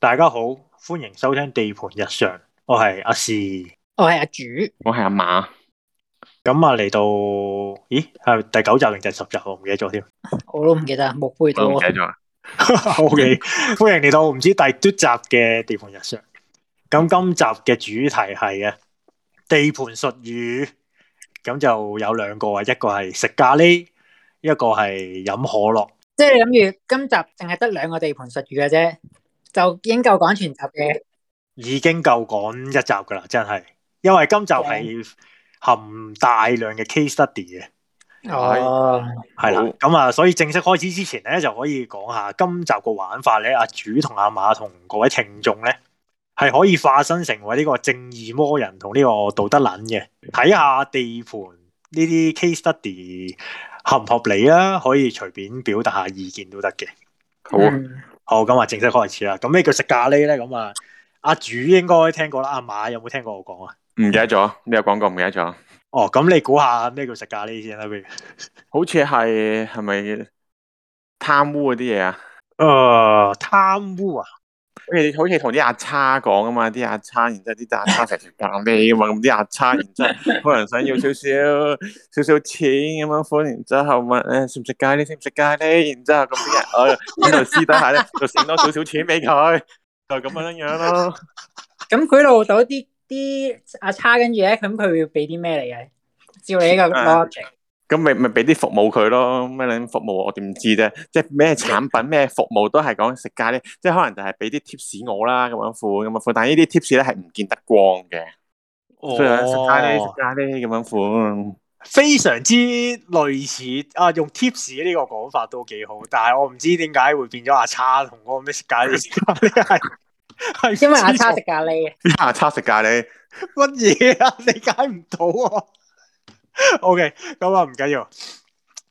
大家好，歡迎收聽地盤日常，我係阿士，我係阿主，我係阿馬。咁啊嚟到，咦係第九集定係第十集？我唔記得咗添，我都唔記得啊，木灰我都唔記得咗。 OK，歡迎嚟到，唔知第嘟集嘅地盤日常。咁今集嘅主題係啊地盤術語，咁就有兩個啊，一個係食咖喱，一個係飲可樂。即係諗住今集淨係得兩個地盤術語嘅啫，就已經夠講全集嘅。已經夠講一集噶啦，真係，因為今集係含大量嘅 case study 嘅。哦、嗯，係啦，咁啊，所以正式開始之前咧，就可以講下今集個玩法咧。阿主同阿馬同各位聽眾咧。係可以化身成為呢個正義魔人同呢個道德撚嘅，睇下地盤呢啲 case study 合唔合理啦、啊，可以隨便表達下意見都得嘅。好啊，嗯、好，咁啊正式開始啦。咁咩叫食咖喱咧？咁啊，阿主應該聽過啦，阿、啊、馬有冇聽過我講啊？唔記得咗，你有講過唔記得咗？哦，咁你估下咩叫食咖喱先啦？不如，好似係係咪貪污嗰啲嘢啊？誒、呃，貪污啊！好似好似同啲阿叉講啊嘛，啲阿叉，然之後啲阿叉成日講咩啊嘛，咁啲阿叉，然之後可能想要少少 少少錢咁樣款，然之後後咪誒食唔食咖喱呢？食唔食咖喱呢？然之後咁啲人誒，呢度私底下咧，就剩多少少錢俾佢，就咁樣樣咯。咁佢攞到啲啲阿叉，跟住咧，咁佢要俾啲咩嚟嘅？照你呢個 logic 咁咪咪俾啲服務佢咯，咩撚服務我點知啫？即係咩產品咩服務都係講食咖喱，即係可能就係俾啲貼士我啦咁樣款咁樣款，但係呢啲貼士咧係唔見得光嘅。哦，食咖喱食咖喱咁樣款，非常之類似啊！用貼士呢個講法都幾好，但係我唔知點解會變咗阿叉同嗰個咩食咖喱係係因為阿叉食咖喱，阿叉食咖喱乜嘢 啊？理解唔到啊！O K，咁啊唔緊要，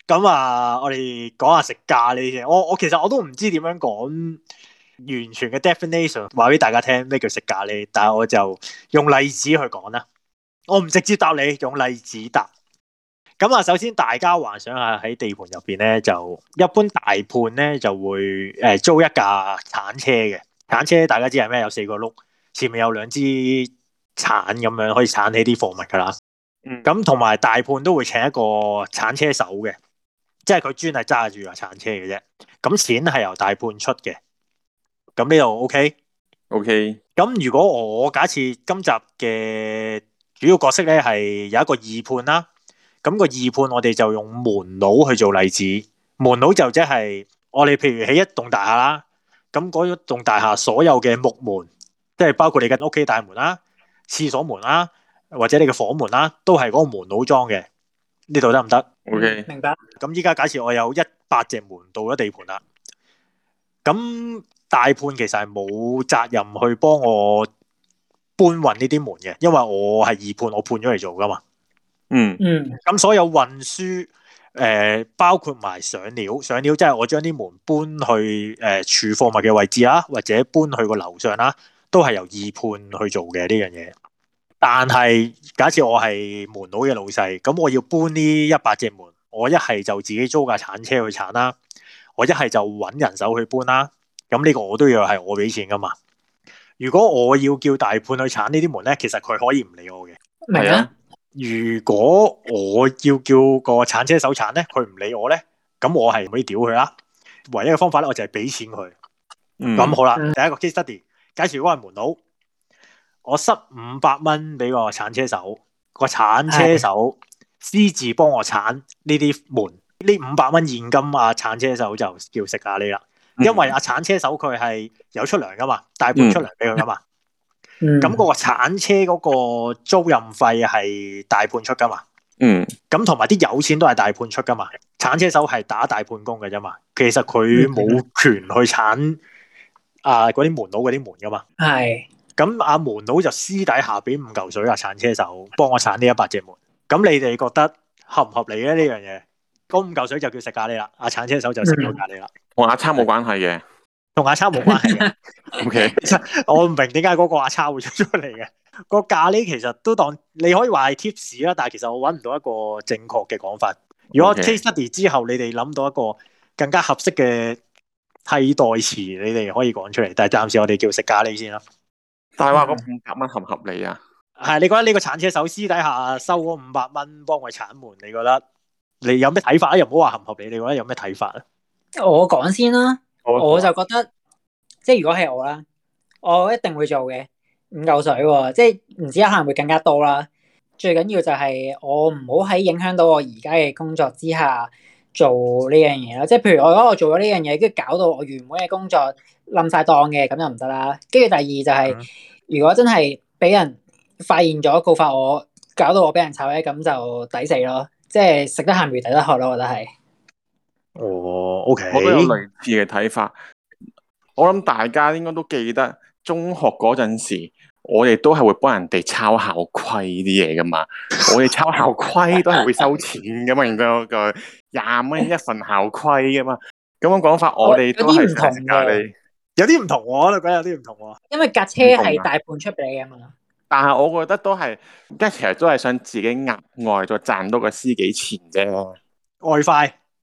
咁啊我哋講下食咖喱嘅。我我其實我都唔知點樣講完全嘅 definition，話俾大家聽咩叫食咖喱，但係我就用例子去講啦。我唔直接答你，用例子答。咁啊，首先大家幻想下喺地盤入邊咧，就一般大判咧就會誒租一架鏟車嘅。鏟車大家知係咩？有四個轆，前面有兩支鏟咁樣可以鏟起啲貨物噶啦。咁同埋大判都會請一個鏟車手嘅，即係佢專係揸住個鏟車嘅啫。咁錢係由大判出嘅。咁呢度 OK，OK。咁如果我假設今集嘅主要角色咧係有一個二判啦，咁個二判我哋就用門佬去做例子。門佬就即係我哋譬如喺一棟大廈啦，咁嗰一棟大廈所有嘅木門，即係包括你嘅屋企大門啦、廁所門啦。或者你嘅房門啦、啊，都係嗰個門佬裝嘅，呢度得唔得？OK，明白。咁依家假設我有一百隻門到咗地盤啦，咁大判其實係冇責任去幫我搬運呢啲門嘅，因為我係二判，我判咗嚟做㗎嘛。嗯嗯。咁所有運輸誒，包括埋上料，上料即係我將啲門搬去誒儲貨物嘅位置啊，或者搬去個樓上啦、啊，都係由二判去做嘅呢樣嘢。但係假設我係門佬嘅老細，咁我要搬呢一百隻門，我一係就自己租架鏟車去鏟啦，我一係就揾人手去搬啦，咁呢個我都要係我俾錢噶嘛。如果我要叫大判去鏟呢啲門咧，其實佢可以唔理我嘅。係啊，如果我要叫個鏟車手鏟咧，佢唔理我咧，咁我係唔可以屌佢啦。唯一嘅方法咧，我就係俾錢佢。咁、嗯、好啦、嗯，第一個 case study，假設如果係門佬。我塞五百蚊俾個鏟車手，個鏟車手私自幫我鏟呢啲門，呢五百蚊現金啊，鏟車手就叫食咖喱啦。因為阿鏟車手佢係有出糧噶嘛，大判出糧俾佢噶嘛。咁、嗯、個鏟車嗰個租賃費係大判出噶嘛。嗯，咁同埋啲有錢都係大判出噶嘛。鏟車手係打大判工嘅啫嘛。其實佢冇權去鏟啊嗰啲門佬嗰啲門噶嘛。係。咁阿門佬就私底下畀五嚿水啊，鏟車手幫我鏟呢一百隻門。咁你哋覺得合唔合理咧？呢樣嘢嗰五嚿水就叫食咖喱啦，阿、啊、鏟、啊、車手就食咗咖喱啦。同、嗯、阿叉冇關係嘅，同阿叉冇關係嘅。 o Okay . K， 我唔明點解嗰個阿叉會出咗嚟嘅。個咖喱其實都當你可以話係 tips 啦，但係其實我搵唔到一個正確嘅講法。如果 case study 之後你哋諗到一個更加合適嘅替代詞，你哋可以講出嚟。但係暫時我哋叫食咖喱先啦。但係話嗰五百蚊合唔合理啊？係你覺得呢個鏟車手私底下收嗰五百蚊幫我鏟門，你覺得你有咩睇法？又唔好話合唔合理，你覺得有咩睇法啊？我講先啦，我就覺得即係如果係我啦，我一定會做嘅。五嚿水、啊、即係唔知可能會更加多啦。最緊要就係我唔好喺影響到我而家嘅工作之下做呢樣嘢啦。即係譬如我如果我做咗呢樣嘢，跟住搞到我原本嘅工作冧晒檔嘅，咁就唔得啦。跟住第二就係、是。嗯如果真係俾人發現咗告發我，搞到我俾人炒咧，咁就抵死咯。即係食得鹹魚抵得渴咯，我覺得係。哦、oh,，OK，我都有類似嘅睇法。我諗大家應該都記得中學嗰陣時，我哋都係會幫人哋抄校規啲嘢噶嘛。 我哋抄校規都係會收錢噶嘛，應該有句廿蚊一份校規噶嘛。咁樣講法，我哋都係唔同噶。有啲唔同我、啊，我覺得有啲唔同喎、啊？因為架車係大判出嚟嘅嘛。啊、但係我覺得都係，即係其實都係想自己額外再賺多個私己錢啫。啊、外快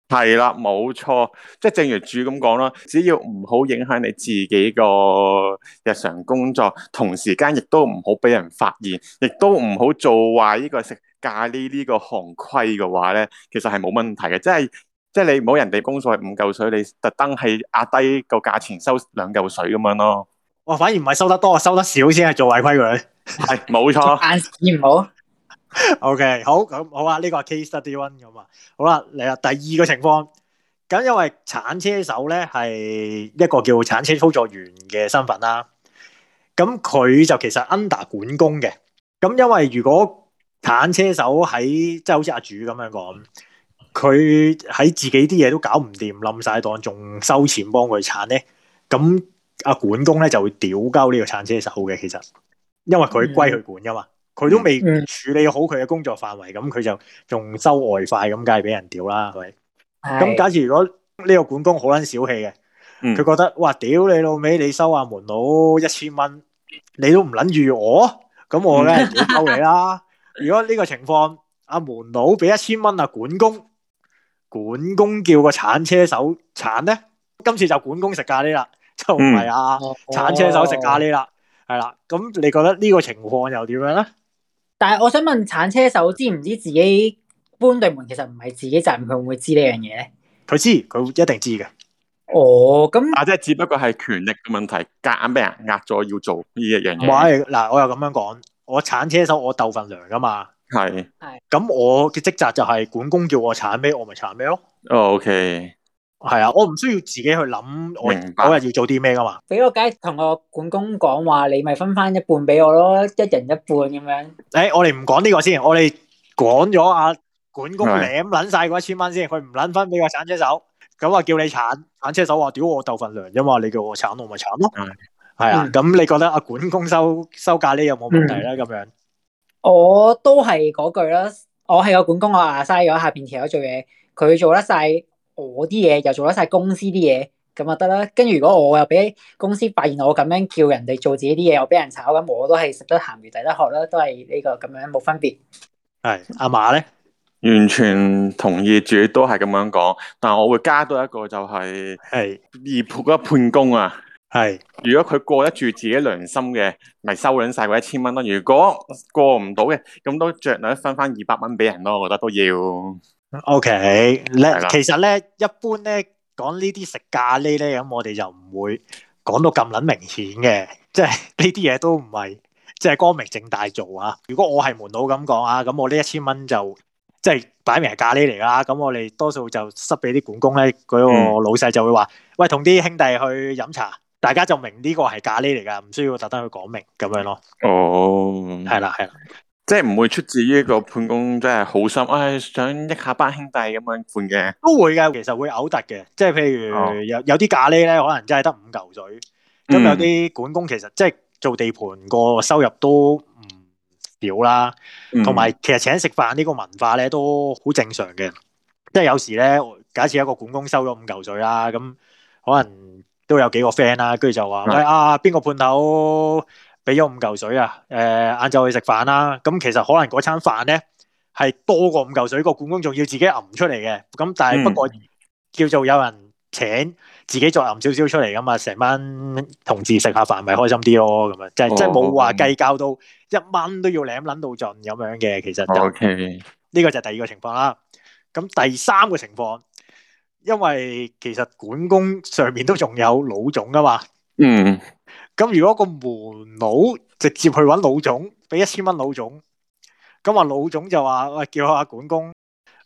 係啦，冇錯，即係正如主咁講啦，只要唔好影響你自己個日常工作，同時間亦都唔好俾人發現，亦都唔好做壞呢個食咖喱呢個行規嘅話咧，其實係冇問題嘅，即係。即係你唔好人哋公數五嚿水，你特登係壓低個價錢收兩嚿水咁樣咯。哦，反而唔係收得多，收得少先係做違規嘅。係冇錯。眼屎唔好。OK，好咁好啊，呢個係 case study one 咁啊。好啦，嚟啦，第二個情況。咁因為鏟車手咧，係一個叫鏟車操作員嘅身份啦。咁佢就其實 under 管工嘅。咁因為如果鏟車手喺即係好似阿主咁樣講。佢喺自己啲嘢都搞唔掂，冧曬檔，仲收錢幫佢鏟咧。咁阿、啊、管工咧就會屌鳩呢個鏟車手嘅，其實因為佢歸佢管噶嘛，佢、嗯、都未處理好佢嘅工作範圍，咁、嗯、佢就仲收外快，咁梗係俾人屌啦，係咪？咁假設如果呢個管工好撚小氣嘅，佢、嗯、覺得哇屌你老味，你收阿、啊、門佬一千蚊，你都唔撚住我，咁我咧屌鳩你啦。 如果呢個情況，阿、啊、門佬俾一千蚊啊管工。管工叫個鏟車手鏟咧，今次就管工食咖喱啦，就唔係啊，鏟，嗯，哦，鏟車手食咖喱啦，係啦。咁你覺得呢個情況又點樣咧？但係我想問鏟車手知唔知自己搬對門，其實唔係自己責任，佢會唔會知呢樣嘢咧？佢知，佢一定知嘅。哦，咁啊，即係只不過係權力嘅問題，夾硬俾人壓咗要做呢一樣嘢。唔係嗱，我又咁樣講，我鏟車手，我鬥份糧噶嘛。係，係。咁我嘅職責就係管工叫我鏟咩，我咪鏟咩咯。哦，OK。係啊，我唔需要自己去諗，我日要做啲咩噶嘛？俾個雞同個管工講話，你咪分翻一半俾我咯，一人一半咁樣。誒、欸，我哋唔講呢個先，我哋講咗阿管工舐捻晒嗰一千蚊先，佢唔捻翻俾個鏟車手，咁話叫你鏟，鏟車手話屌我鬥份糧啫嘛，你叫我鏟我咪鏟咯。係啊，咁、嗯、你覺得阿、啊、管工收收價呢有冇問題咧？咁、嗯、樣？我都係嗰句啦，我係個管工，我阿嘥咗下邊條友做嘢，佢做得晒我啲嘢，又做得晒公司啲嘢，咁就得啦。跟住如果我又俾公司發現我咁樣叫人哋做自己啲嘢，我俾人炒，咁我都係食得鹹魚抵得渴啦，都係、這個、呢個咁樣冇分別。係阿馬咧，完全同意住，都係咁樣講，但係我會加多一個就係、是、係二判一判工啊。係，如果佢過得住自己良心嘅，咪收捻晒嗰一千蚊咯。如果過唔到嘅，咁都着兩分翻二百蚊俾人咯。我覺得都要。OK，咧，其實咧，一般咧講呢啲食咖喱咧，咁我哋就唔會講到咁捻明顯嘅，即係呢啲嘢都唔係即係光明正大做啊。如果我係門佬咁講啊，咁我呢一千蚊就即係擺明係咖喱嚟啦。咁我哋多數就塞俾啲管工咧，嗰個老細就會話、嗯：，喂，同啲兄弟去飲茶。大家就明呢個係咖喱嚟㗎，唔需要特登去講明咁樣咯。哦、oh，係啦，係啦，即係唔會出自於一個判工真係好心，哎，想益下班兄弟咁樣判嘅。都會嘅，其實會嘔突嘅。即係譬如有有啲咖喱咧，可能真係得五嚿水。咁、oh. 有啲管工其實、mm. 即係做地盤個收入都唔少啦。同、mm. 埋其實請食飯呢個文化咧都好正常嘅。即係有時咧，假設一個管工收咗五嚿水啦，咁可能。都有幾個 friend 啦，跟住就話：喂啊，邊個判頭俾咗五嚿水啊？誒、呃，晏晝去食飯啦、啊。咁其實可能嗰餐飯咧係多過五嚿水，個管工仲要自己揞出嚟嘅。咁但係不過、嗯、叫做有人請，自己再揞少少出嚟㗎嘛。成班同志食下飯咪開心啲咯。咁樣即係即係冇話計較到、嗯、一蚊都要舐撚到盡咁樣嘅。其實就呢、哦 okay 呢個就係第二個情況啦。咁第三個情況。因為其實管工上面都仲有老總噶嘛，嗯，咁如果個門佬直接去搵老總，俾一千蚊老總，咁話老總就話喂，叫下管工，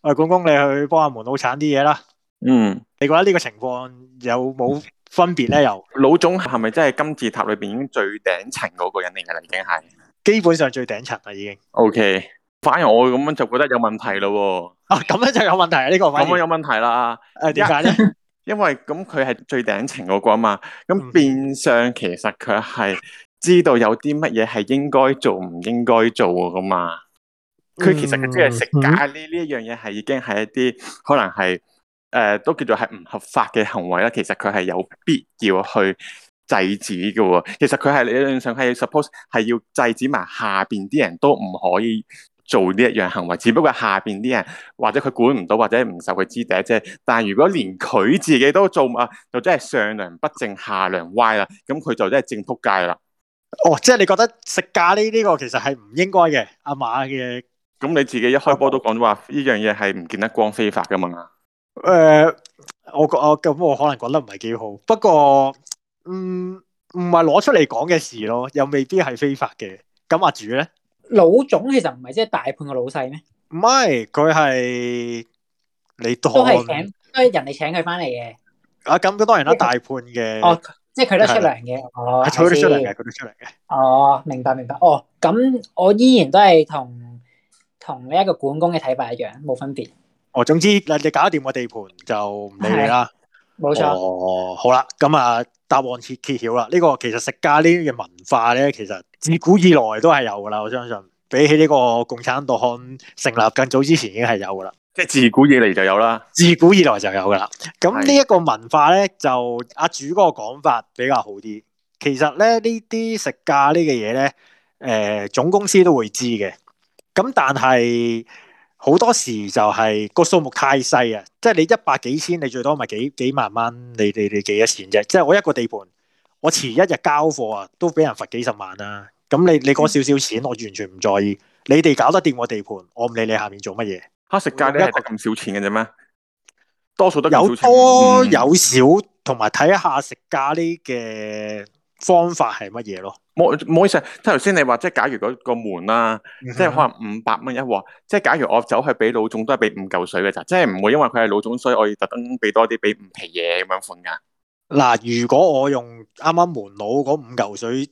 喂，管工你去幫下門佬鏟啲嘢啦，嗯，你覺得呢個情況有冇分別咧？又老總係咪真係金字塔裏邊已經最頂層嗰個人嚟噶啦？已經係基本上最頂層啦，已經。OK。反而我咁樣就覺得有問題咯喎、哦！啊，咁樣就有問題啊！呢、呢個咁樣有問題啦！誒、啊，點解咧？為呢 因為咁佢係最頂層嗰個啊嘛，咁、嗯、變相其實佢係知道有啲乜嘢係應該做唔應該做噶嘛。佢、嗯、其實佢即係食咖喱呢呢一樣嘢係已經係一啲、嗯、可能係誒、呃、都叫做係唔合法嘅行為啦。其實佢係有必要去制止嘅喎。其實佢係理論上係 suppose 係要制止埋下邊啲人都唔可以，做呢一樣行為，只不過下邊啲人或者佢管唔到，或者唔受佢指笛啫。但係如果連佢自己都做埋，就真係上梁不正下梁歪啦。咁佢就真係正仆街啦。哦，即係你覺得食咖喱呢個其實係唔應該嘅，阿馬嘅。咁、啊啊啊、你自己一開波都講咗話呢樣嘢係唔見得光非法㗎嘛？誒、啊呃，我講我咁，啊、我可能講得唔係幾好。不過，嗯，唔係攞出嚟講嘅事咯，又未必係非法嘅。咁阿、啊、主咧？老總其實唔係即係大判嘅老細咩？唔係，佢係你都係請，都係人哋請佢翻嚟嘅。啊，咁咁多人啦，大判嘅。哦，即係佢都出糧嘅。哦，佢都出糧嘅，佢都出糧嘅。哦，明白明白。哦，咁我依然都係同同呢一個管工嘅睇法一樣，冇分別。哦，總之你搞掂個地盤就唔理你啦。冇錯哦，好啦，咁、嗯、啊，答案揭揭曉啦。呢、這個其實食價呢嘅文化咧，其實自古以來都係有噶啦。我相信比起呢個共產黨，黨成立更早之前已經係有噶啦。即係自古以嚟就有啦，自古以來就有噶啦。咁呢一個文化咧，就阿、啊、主嗰個講法比較好啲。其實咧呢啲食價呢嘅嘢咧，誒、呃，總公司都會知嘅。咁但係。好多時就係個數目太細啊，即係你一百幾千，你最多咪幾幾萬蚊，你你你幾多錢啫？即係我一個地盤，我遲一日交貨啊，都俾人罰幾十萬啦、啊。咁你你嗰少少錢，我完全唔在意。你哋搞得掂我地盤，我唔理你下面做乜嘢。哈，食咖喱呢係一個咁少錢嘅啫咩？多數都、嗯、有多有少，同埋睇下食咖喱呢嘅方法係乜嘢咯。冇，唔好意思。頭先你話即係假如嗰個門啦，即係可能五百蚊一鑊。即係假如我走去俾老總都係俾五嚿水嘅咋，即係唔會因為佢係老總，所以我要特登俾多啲，俾五皮嘢咁樣款㗎。嗱，如果我用啱啱門佬嗰五嚿水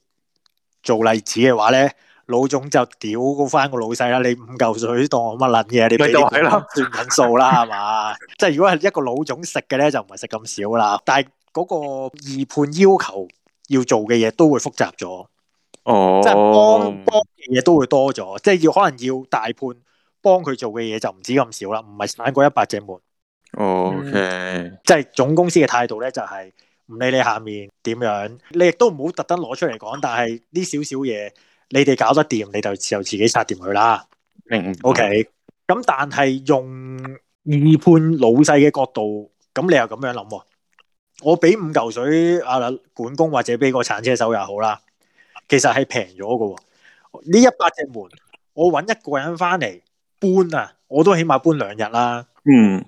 做例子嘅話咧，老總就屌嗰翻個老細啦。你五嚿水當我乜撚嘢？你咪就係咯，算緊數啦，係嘛？即係如果係一個老總食嘅咧，就唔係食咁少啦。但係嗰個二判要求要做嘅嘢都會複雜咗。哦、oh.，即係幫幫嘅嘢都會多咗，即、就、係、是、要可能要大判幫佢做嘅嘢就唔止咁少啦，唔係散過一百隻門。哦，O K，即係總公司嘅態度咧就係唔理你下面點樣，你亦都唔好特登攞出嚟講，但係呢少少嘢你哋搞得掂，你就就自己殺掂佢啦。明，O K，咁但係用二判老細嘅角度，咁你又咁樣諗、哦？我俾五嚿水阿、啊、管工或者俾個鏟車手又好啦。其實係平咗嘅喎，呢一百隻門，我揾一個人翻嚟搬啊，我都起碼搬兩日啦。嗯，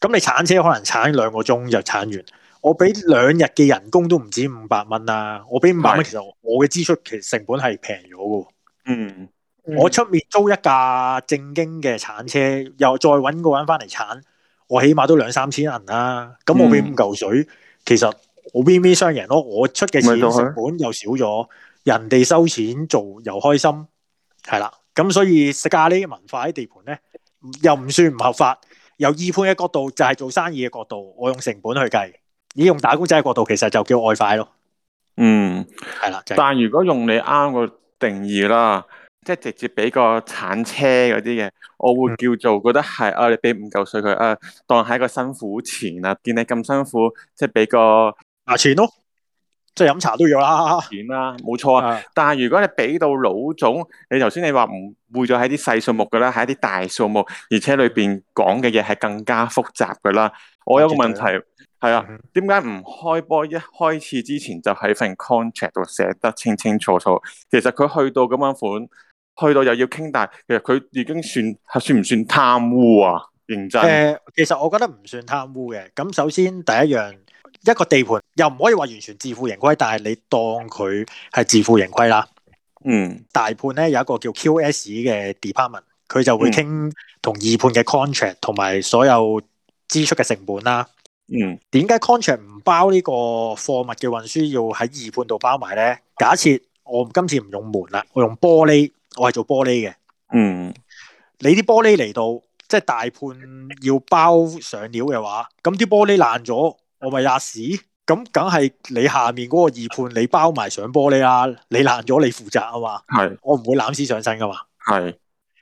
咁你鏟車可能鏟兩個鐘就鏟完，我俾兩日嘅人工都唔止五百蚊啦。我俾五百蚊，其實我嘅支出其實成本係平咗嘅。嗯，我出面租一架正經嘅鏟車，又再揾個人翻嚟鏟，我起碼都兩三千銀啦。咁、嗯、我俾五嚿水，其實我邊咪雙贏咯。我出嘅錢成本又少咗。人哋收錢做又開心，係啦，咁所以食咖喱嘅文化喺地盤咧，又唔算唔合法。由二判嘅角度就係做生意嘅角度，我用成本去計，以用打工仔嘅角度，其實就叫外快咯。嗯，係啦、就是。但如果用你啱個定義啦，即係直接俾個鏟車嗰啲嘅，我會叫做覺得係、嗯、啊，你俾五嚿水佢啊，當係一個辛苦錢啊，見你咁辛苦，即係俾個啊錢咯。即係飲茶都要啦，錢啦，冇錯啊。但係如果你俾到老總，你頭先你話唔會再喺啲細數目嘅啦，係一啲大數目，而且裏邊講嘅嘢係更加複雜嘅啦。我有一個問題係、嗯、啊，點解唔開波一開始之前就喺份 contract 度寫得清清楚楚？其實佢去到咁樣款，去到又要傾大，其實佢已經算算唔算貪污啊？認真？誒，其實我覺得唔算貪污嘅。咁首先第一樣。一個地盤又唔可以話完全自負盈虧，但係你當佢係自負盈虧啦。嗯，大判咧有一個叫 QS 嘅 department，佢就會傾同二判嘅 contract 同埋所有支出嘅成本啦。嗯，點解 contract 唔包呢個貨物嘅運輸要喺二判度包埋咧？假設我今次唔用門啦，我用玻璃，我係做玻璃嘅。嗯，你啲玻璃嚟到，即係大判要包上料嘅話，咁啲玻璃爛咗。我咪吔屎，咁梗係你下面嗰個二判，你包埋上，上玻璃啊，你爛咗你負責啊嘛。係，我唔會攬屎上身噶嘛。係，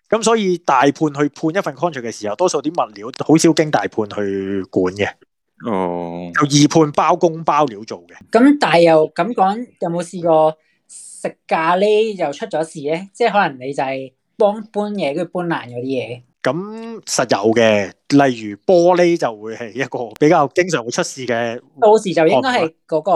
咁所以大判去判一份 contract 嘅時候，多數啲物料好少經大判去管嘅。哦、嗯，由二判包工包料做嘅。咁、嗯、但係又咁講，有冇試過食咖喱又出咗事咧？即係可能你就係幫搬嘢，佢搬爛咗啲嘢。咁實有嘅，例如玻璃就會係一個比較經常會出事嘅。到時就應該係嗰個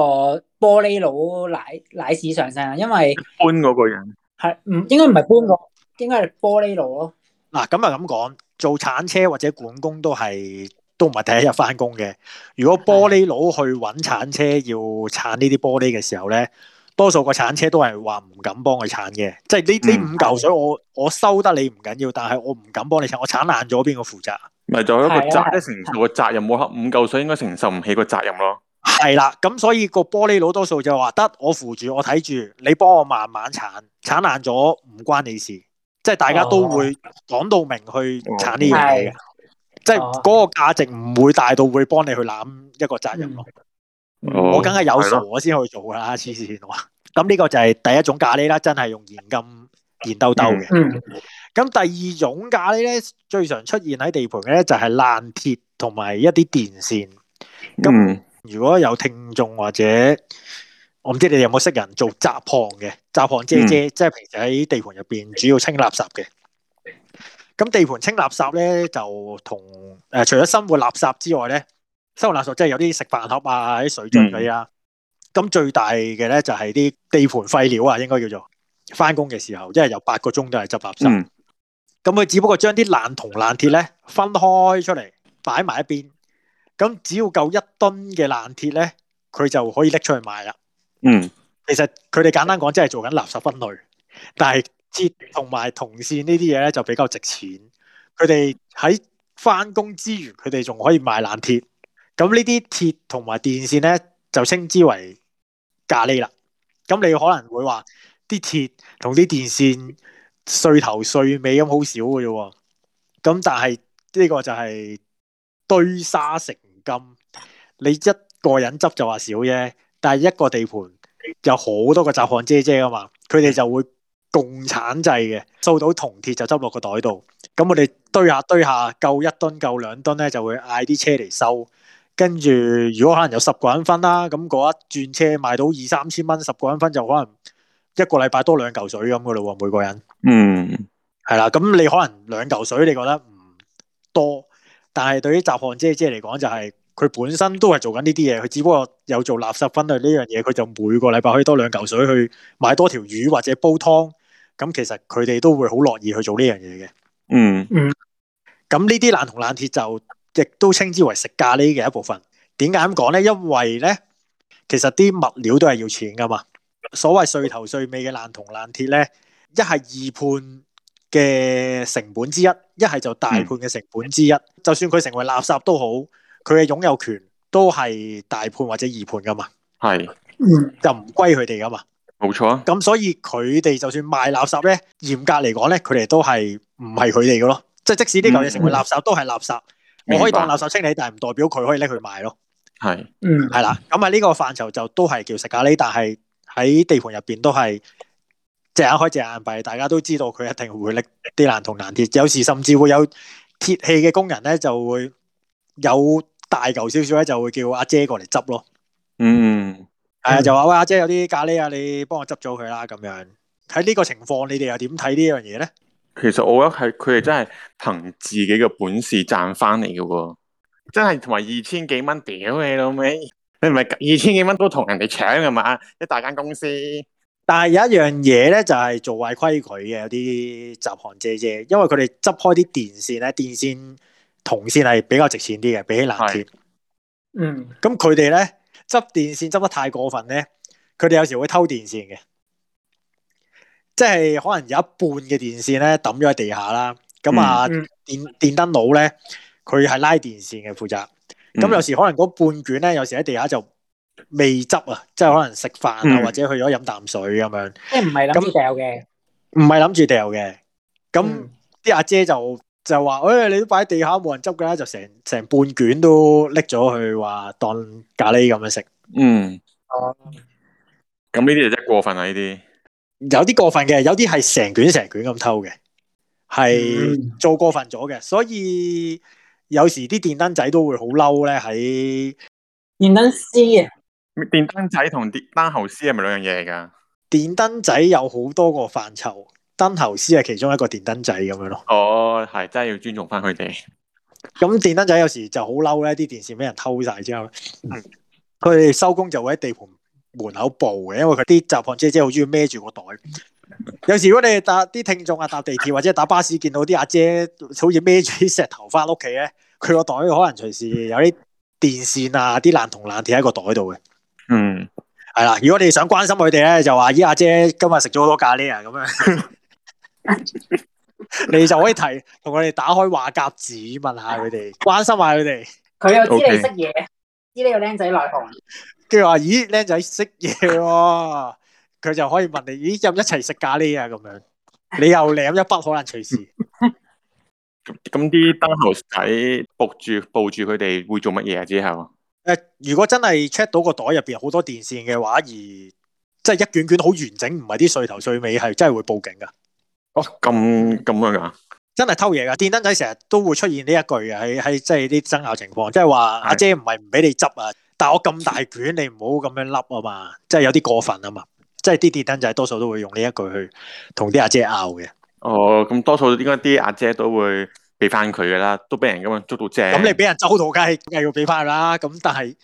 玻璃佬奶奶市上升啦，因為搬嗰個人係唔應該唔係搬個，應該係玻璃佬咯。嗱，咁啊咁講，做鏟車或者管工都係都唔係第一日返工嘅。如果玻璃佬去搵鏟車要鏟呢啲玻璃嘅時候咧。多數個鏟車都係話唔敢幫佢鏟嘅，即係呢呢五嚿水我、嗯、我收得你唔緊要，但係我唔敢幫你鏟，我鏟爛咗邊個負責？咪就係、一個責，嘅承受個責任冇合五嚿水應該承受唔起個責任咯。係啦，咁所以個玻璃佬多數就話得我，我扶住我睇住，你幫我慢慢鏟，鏟爛咗唔關你事，即係大家都會講到明去鏟呢樣嘢嘅，即係嗰個價值唔會大到會幫你去攬一個責任咯。嗯我梗係有傻，我先去做㗎啦，黐線！咁呢個就係第一種咖喱啦，真係用現金現兜兜嘅。嗯，咁、嗯、第二種咖喱咧，最常出現喺地盤嘅就係爛鐵同埋一啲電線。咁如果有聽眾或者我唔知你哋有冇識人做雜項嘅雜項姐姐，嗯、即係平時喺地盤入邊主要清垃圾嘅。咁地盤清垃圾咧，就同誒、呃、除咗生活垃圾之外咧。收垃圾即係有啲食飯盒啊，啲水樽佢啊，啦、嗯。咁最大嘅咧就係啲地盤廢料啊，應該叫做翻工嘅時候，即係有八個鐘都係執垃圾。咁、嗯、佢只不過將啲爛銅爛鐵咧分開出嚟擺埋一邊。咁只要夠一噸嘅爛鐵咧，佢就可以拎出去賣啦。嗯，其實佢哋簡單講，即係做緊垃圾分類，但係鐵同埋銅線呢啲嘢咧就比較值錢。佢哋喺翻工之餘，佢哋仲可以賣爛鐵。咁呢啲鐵同埋電線咧，就稱之為咖喱啦。咁你可能會話啲鐵同啲電線碎頭碎尾咁好少嘅啫。咁但係呢個就係堆沙成金。你一個人執就話少啫，但係一個地盤有好多個集礦姐姐啊嘛，佢哋就會共產制嘅，收到銅鐵就執落個袋度。咁我哋堆下堆下，夠一噸夠兩噸咧，就會嗌啲車嚟收。跟住，如果可能有十個人分啦，咁嗰一轉車賣到二三千蚊，十個人分就可能一個禮拜多兩嚿水咁噶咯喎，每個人。嗯，係啦，咁你可能兩嚿水你覺得唔多，但係對於雜項姐姐嚟講，就是，就係佢本身都係做緊呢啲嘢，佢只不過有做垃圾分類呢樣嘢，佢就每個禮拜可以多兩嚿水去買多條魚或者煲湯。咁其實佢哋都會好樂意去做呢樣嘢嘅。嗯嗯。咁呢啲爛銅爛鐵就，亦都稱之為食咖喱嘅一部分。點解咁講咧？因為咧，其實啲物料都係要錢噶嘛。所謂碎頭碎尾嘅爛銅爛鐵咧，一係二判嘅成本之一，一係就大判嘅成本之一。嗯、就算佢成為垃圾都好，佢嘅擁有權都係大判或者二判噶嘛。係、嗯，就唔歸佢哋噶嘛。冇錯啊。咁所以佢哋就算賣垃圾咧，嚴格嚟講咧，佢哋都係唔係佢哋噶咯。即係即使呢嚿嘢成為垃圾，都係垃圾。嗯我可以當垃圾清理，但係唔代表佢可以拎去賣咯。係，嗯，係啦，咁喺呢個範疇就都係叫食咖喱，但係喺地盤入邊都係隻眼開隻眼閉，大家都知道佢一定會拎啲爛銅爛鐵，有時甚至會有鐵器嘅工人咧就會有大嚿少少咧就會叫阿姐過嚟執咯。嗯，係、嗯、啊，就話喂，阿姐有啲咖喱啊，你幫我執咗佢啦咁樣。喺呢個情況，你哋又點睇呢樣嘢咧？其實我覺得係佢哋真係憑自己嘅本事賺翻嚟嘅喎，真係同埋二千幾蚊屌你老味，你唔係二千幾蚊都同人哋搶嘅嘛？一大間公司，但係有一樣嘢咧，就係做壞規矩嘅有啲集行借借，因為佢哋執開啲電線咧，電線銅線係比較值錢啲嘅，比起冷鐵。嗯，咁佢哋咧執電線執得太過分咧，佢哋有時會偷電線嘅。即係可能有一半嘅電線咧抌咗喺地下啦，咁、嗯、啊電、嗯、電燈佬咧佢係拉電線嘅負責，咁、嗯、有時可能嗰半卷咧，有時喺地下就未執啊，即係可能食飯啊或者去咗飲啖水咁樣，即係唔係諗住掉嘅，唔係諗住掉嘅，咁啲阿姐就就話誒、哎、你都擺喺地下冇人執噶啦，就成成半卷都拎咗去話當咖喱咁樣食，嗯，哦，咁呢啲就真係過分啊，呢啲。有啲過分嘅，有啲係成卷成卷咁偷嘅，係做過分咗嘅。所以有時啲電燈仔都會好嬲咧，喺電燈師啊，電燈仔同電燈喉師係咪兩樣嘢嚟噶？電燈仔有好多個範疇，燈喉師係其中一個電燈仔咁樣咯。哦，係真係要尊重翻佢哋。咁電燈仔有時就好嬲咧，啲電線俾人偷晒之後，佢哋收工就會喺地盤。門口部嘅，因為佢啲集房姐姐好中意孭住個袋。有時如果你哋搭啲聽眾啊，搭地鐵或者搭巴士見到啲阿姐，好似孭住啲石頭翻屋企咧，佢個袋可能隨時有啲電線啊、啲爛銅爛鐵喺個袋度嘅。嗯，係啦，如果你想關心佢哋咧，就話咦，阿姐今日食咗好多咖喱啊咁樣。 你就可以提同佢哋打開話夾子，問下佢哋，關心下佢哋。佢又知你識嘢，知呢個僆仔內行。跟住話，咦，僆仔識嘢，佢就可以問你，咦，有冇一齊食咖喱啊？咁樣，你又舐一包可能隨時。咁啲燈喉仔，捕住捕住，佢哋會做乜嘢之後？誒，如果真係 check 到個袋入邊好多電線嘅話，而即係一卷卷好完整，唔係啲碎頭碎尾，係真係會報警噶。哦，咁咁樣噶？真係偷嘢噶！電燈仔成日都會出現呢一句嘅，喺喺即係啲爭拗情況，即係話阿姐唔係唔俾你執啊。但我咁大卷，你唔好咁樣笠啊嘛！即係有啲過分啊嘛！即係啲啲僆仔多數都會用呢一句去同啲阿姐拗嘅。哦，咁多數應該啲阿姐都會俾翻佢噶啦，都俾人咁樣捉到正。咁你俾人捉到梗係梗係要俾翻啦。咁但係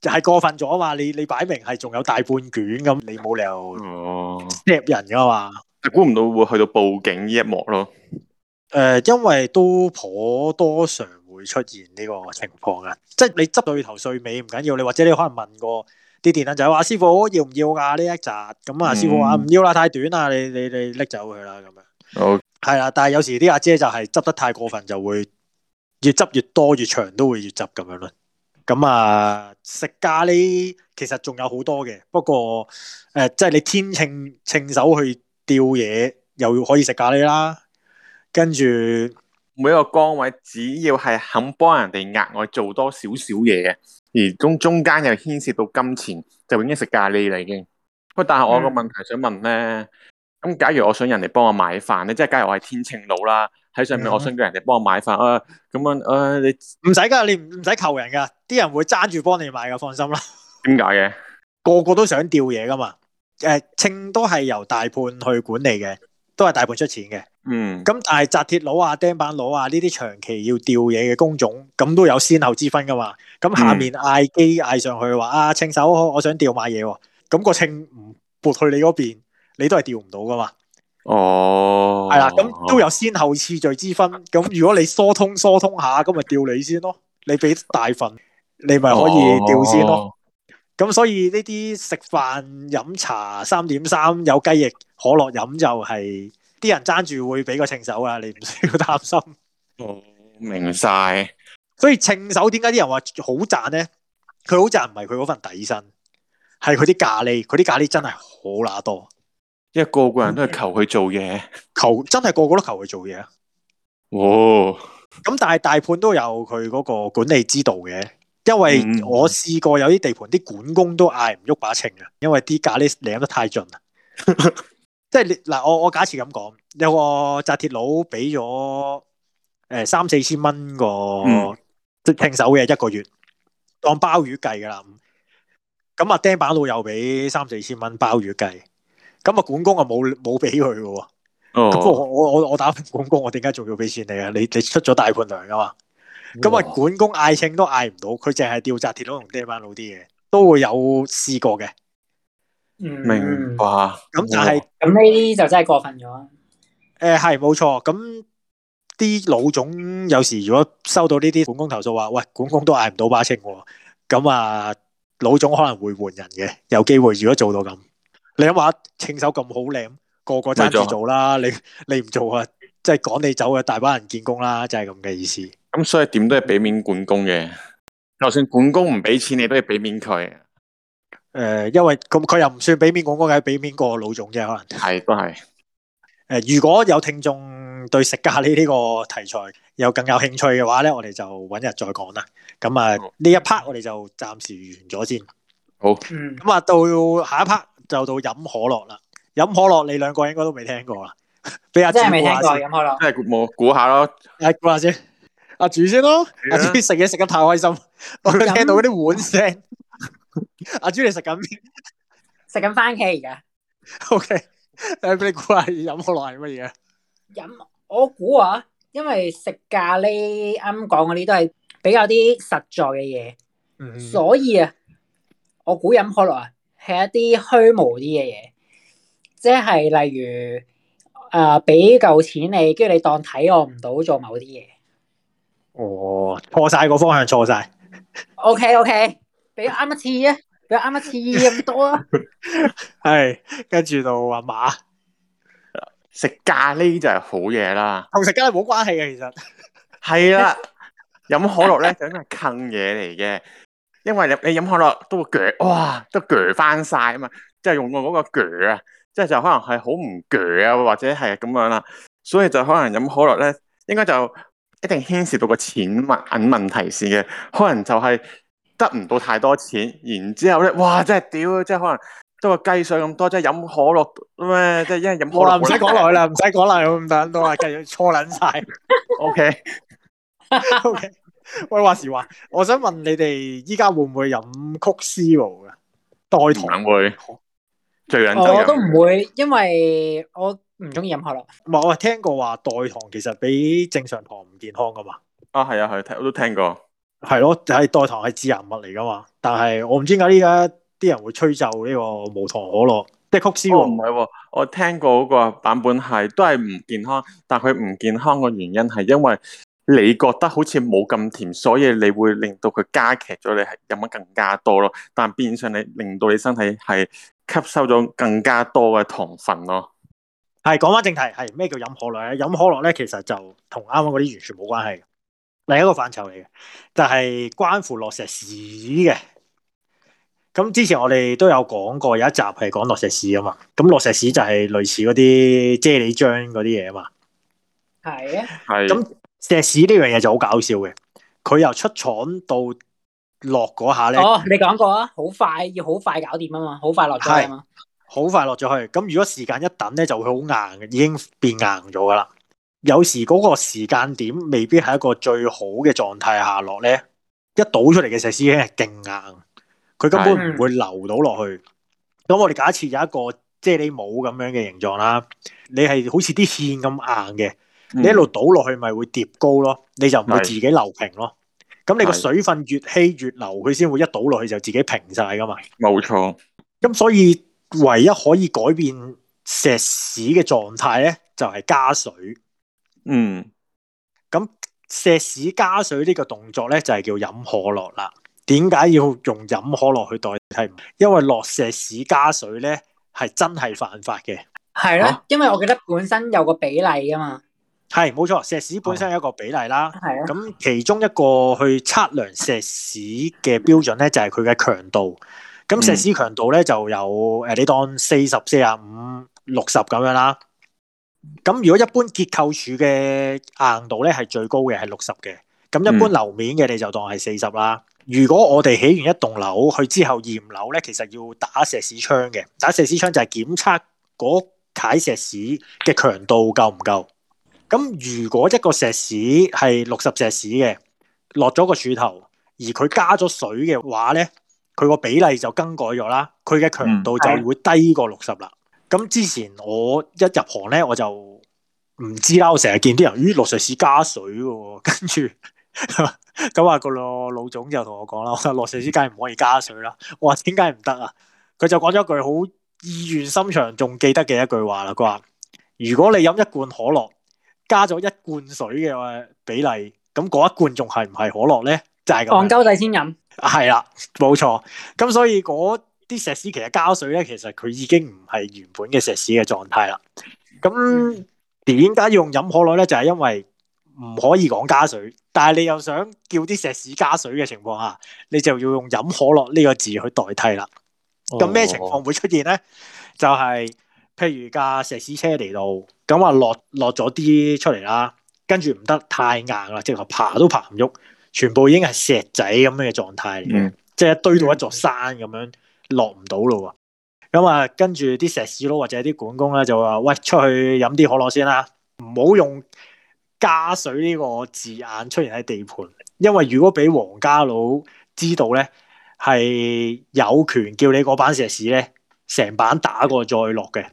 就係、是、過分咗嘛？你你擺明係仲有大半卷咁，你冇理由哦，蝦人噶嘛？估唔到會去到報警呢一幕咯。誒、呃，因為都頗多嘗。會出現呢個情況嘅，即係你執到頭碎尾唔緊要，你或者你可能問過啲電燈仔話：師傅要唔要啊呢一紮？咁啊，師傅話唔要啦，太短啦，你你你拎走佢啦咁樣。好係啦，但係有時啲阿姐就係執得太過分，就會越執越多越長都會越執咁樣咯。咁啊，食咖喱其實仲有好多嘅，不過誒，即、呃、係、就是、你天秤秤手去吊嘢，又可以食咖喱啦，跟住。每一個崗位，只要係肯幫人哋額外做多少少嘢，而中中間又牽涉到金錢，就已經食咖喱嚟嘅。喂，但係我有個問題想問咧，咁、嗯、假如我想人哋幫我買飯咧，即係假如我係天秤佬啦，喺上面我想叫人哋幫我買飯、嗯、啊，咁樣啊，你唔使噶，你唔使求人噶，啲人會爭住幫你買噶，放心啦。點解嘅？個個都想吊嘢噶嘛？誒、呃，秤都係由大判去管理嘅，都係大判出錢嘅。嗯，咁但係扎鐵佬啊、釘板佬啊呢啲長期要吊嘢嘅工種，咁都有先後之分噶嘛。咁、嗯、下面嗌機嗌上去話啊，稱手，我想吊埋嘢，哦、咁、個稱唔撥去你嗰邊，你都係吊唔到噶嘛。哦，係啦，咁都有先後次序之分。咁、哦、如果你疏通疏通下，咁咪吊你先咯。你俾大份，你咪可以吊先咯。咁、哦、所以呢啲食飯飲茶三點三有雞翼可樂飲就係、是。啲人爭住會俾個稱手啊！你唔需要擔心。哦，明晒，所以稱手點解啲人話好賺咧？佢好賺唔係佢嗰份底薪，係佢啲咖喱，佢啲咖喱真係好乸多。因為個個人都係求佢做嘢， 求真係個個都求佢做嘢啊。哦。咁但係大盤都有佢嗰個管理之道嘅，因為我試過有啲地盤啲管工都嗌唔喐把稱啊，因為啲咖喱舐得太盡啦。 即係你嗱，我我假設咁講，有個紮鐵佬俾咗誒三四千蚊即停手嘅一個月，當鮑魚計噶啦。咁啊釘板佬又俾三四千蚊，鮑魚計，咁啊管工啊冇冇俾佢嘅喎。咁、哦、我我我打管工，我點解仲要俾錢你啊？你你出咗大盤糧噶嘛？咁啊管工嗌請都嗌唔到，佢淨係吊紮鐵佬同釘板佬啲嘢，都會有試過嘅。嗯，明白。咁但係咁呢啲就真係過分咗。誒，係冇錯。咁啲老總有時如果收到呢啲管工投訴話，喂，管工都挨唔到把秤，咁啊，老總可能會換人嘅。有機會，如果做到咁，你諗下，稱手咁好靚，個個爭住做啦。你你唔做啊，即係趕你走啊，大把人見工啦，就係咁嘅意思。咁所以點都係俾面管工嘅，就算管工唔俾錢，你都係俾面佢。誒、呃，因為咁佢又唔算俾面我講嘅，俾面個老總啫，可能係都係。誒、呃，如果有聽眾對食咖喱呢個題材有更有興趣嘅話咧，我哋就揾日再講啦。咁啊，呢一 part 我哋就暫時完咗先。好。咁、嗯、啊，到下一 part 就到飲可樂啦。飲可樂，你兩個應該都未聽過啦。俾阿姐即係未聽過飲可樂。即係我估下咯。係、啊、估下先。阿主先咯。阿主食嘢食得太開心，我聽到嗰啲碗聲。 阿朱，你食緊咩？食緊番茄而家。O、okay, K，你俾你估下飲可樂係乜嘢？飲我估啊，因為食咖喱，啱講嗰啲都係比較啲實在嘅嘢，嗯。所以啊，我估飲可樂啊，係一啲虛無啲嘅嘢，即係例如誒，俾、呃、嚿錢你，跟住你當睇我唔到做某啲嘢。哦，破晒個方向，錯晒。O K，O K。你啱一次啊！你啱一次咁多啊，係跟住就話嘛，食咖喱就係好嘢啦。同食咖喱冇關係嘅，其實係啦。飲 可樂咧 就應該係坑嘢嚟嘅，因為你你飲可樂都會攰哇，都攰翻晒啊嘛，即係用個嗰個攰啊，即係就可能係好唔攰啊，或者係咁樣啦。所以就可能飲可樂咧，應該就一定牽涉到個錢問問題先嘅，可能就係。得唔到太多錢，然之後咧，哇！真係屌，真係可能都話雞水咁多，即係飲可樂咩？即係一人飲可樂。好啦，唔使講落去啦，唔使講啦，咁等等啦，繼續錯撚晒。O K，O K。喂，話時話，我想問你哋依家會唔會飲 Coke Zero 嘅代糖會、哦、最緊。我都唔會，因為我唔中意飲可樂。唔係，我聽過話代糖其實比正常糖唔健康噶嘛。啊，係啊，係、啊，我都聽過。係咯，就係代糖係自然物嚟噶嘛，但係我唔知點解而家啲人會吹奏呢個無糖可樂，即係曲師。唔係喎，我聽過嗰個版本係都係唔健康，但係佢唔健康嘅原因係因為你覺得好似冇咁甜，所以你會令到佢加劇咗你係飲得更加多咯，但係變相你令到你身體係吸收咗更加多嘅糖分咯。係講翻正題，係咩叫飲可樂咧？飲可樂咧，其實就同啱啱嗰啲完全冇關係。另一個範疇嚟嘅，就係、是、關乎落石屎嘅。咁之前我哋都有講過，有一集係講落石屎啊嘛。咁落石屎就係類似嗰啲啫喱漿嗰啲嘢啊嘛。係啊。係。咁石屎呢樣嘢，就好搞笑嘅，佢由出廠到落嗰下咧。哦，你講過啊，好快要好快搞掂啊嘛，好快落咗去啊嘛。好快落咗去。咁如果時間一等咧，就會好硬，已經變硬咗㗎喇。有時嗰個時間點未必係一個最好嘅狀態下落咧，一倒出嚟嘅石屎已經係勁硬，佢根本唔會流到落去。咁我哋假設有一個啫喱模咁樣嘅形狀啦，你係好似啲芡咁硬嘅，你一路倒落去咪會疊高咯，嗯，你就唔會自己流平咯。咁你個水分越稀越流，佢先會一倒落去就自己平晒噶嘛。冇錯。咁所以唯一可以改變石屎嘅狀態咧，就係、是、加水。嗯，咁石屎加水呢個動作咧就係叫飲可樂啦。點解要用飲可樂去代替？因為落石屎加水咧係真係犯法嘅。係咯、啊啊、因為我記得本身有個比例噶嘛。係冇錯，石屎本身有一個比例啦。係啊。咁其中一個去測量石屎嘅標準咧就係佢嘅強度。咁石屎強度咧就有誒、嗯，你當四十、四十五、六十咁樣啦。咁如果一般結構柱嘅硬度咧係最高嘅係六十嘅，咁一般樓面嘅你就當係四十啦、嗯。如果我哋起完一棟樓，佢之後驗樓咧，其實要打石屎槍嘅，打石屎槍就係檢測嗰塊石屎嘅強度夠唔夠。咁如果一個石屎係六十石屎嘅，落咗個柱頭，而佢加咗水嘅話咧，佢個比例就更改咗啦，佢嘅強度就會低過六十啦。嗯咁之前我一入行咧，我就唔知啦。我成日見啲人於落石屎加水嘅，跟住咁啊個老總就同我講啦，落石屎梗係唔可以加水啦。我話點解唔得啊？佢就講咗一句好意遠深長，仲記得嘅一句話啦。佢話：如果你飲一罐可樂加咗一罐水嘅比例，咁嗰一罐仲係唔係可樂咧？就係、是、咁。憨鳩仔先飲。係啦，冇錯。咁所以嗰。啲石屎其實加水咧，其實佢已經唔係原本嘅石屎嘅狀態啦。咁點解要用飲可樂咧？就係、是、因為唔可以講加水，但係你又想叫啲石屎加水嘅情況下，你就要用飲可樂呢個字去代替啦。咁、哦、咩情況會出現咧？就係、是、譬如架石屎車嚟到，咁話落落咗啲出嚟啦，跟住唔得太硬啦，即、就、係、是、爬都爬唔喐，全部已經係石仔咁樣嘅狀態嚟，即係一堆到一座山咁樣。落唔到咯喎，咁啊跟住啲石屎佬或者啲管工咧就話：喂，出去飲啲可樂先啦，唔好用加水呢個字眼出現喺地盤，因為如果俾皇家佬知道咧，係有權叫你嗰板石屎咧，成板打過再落嘅。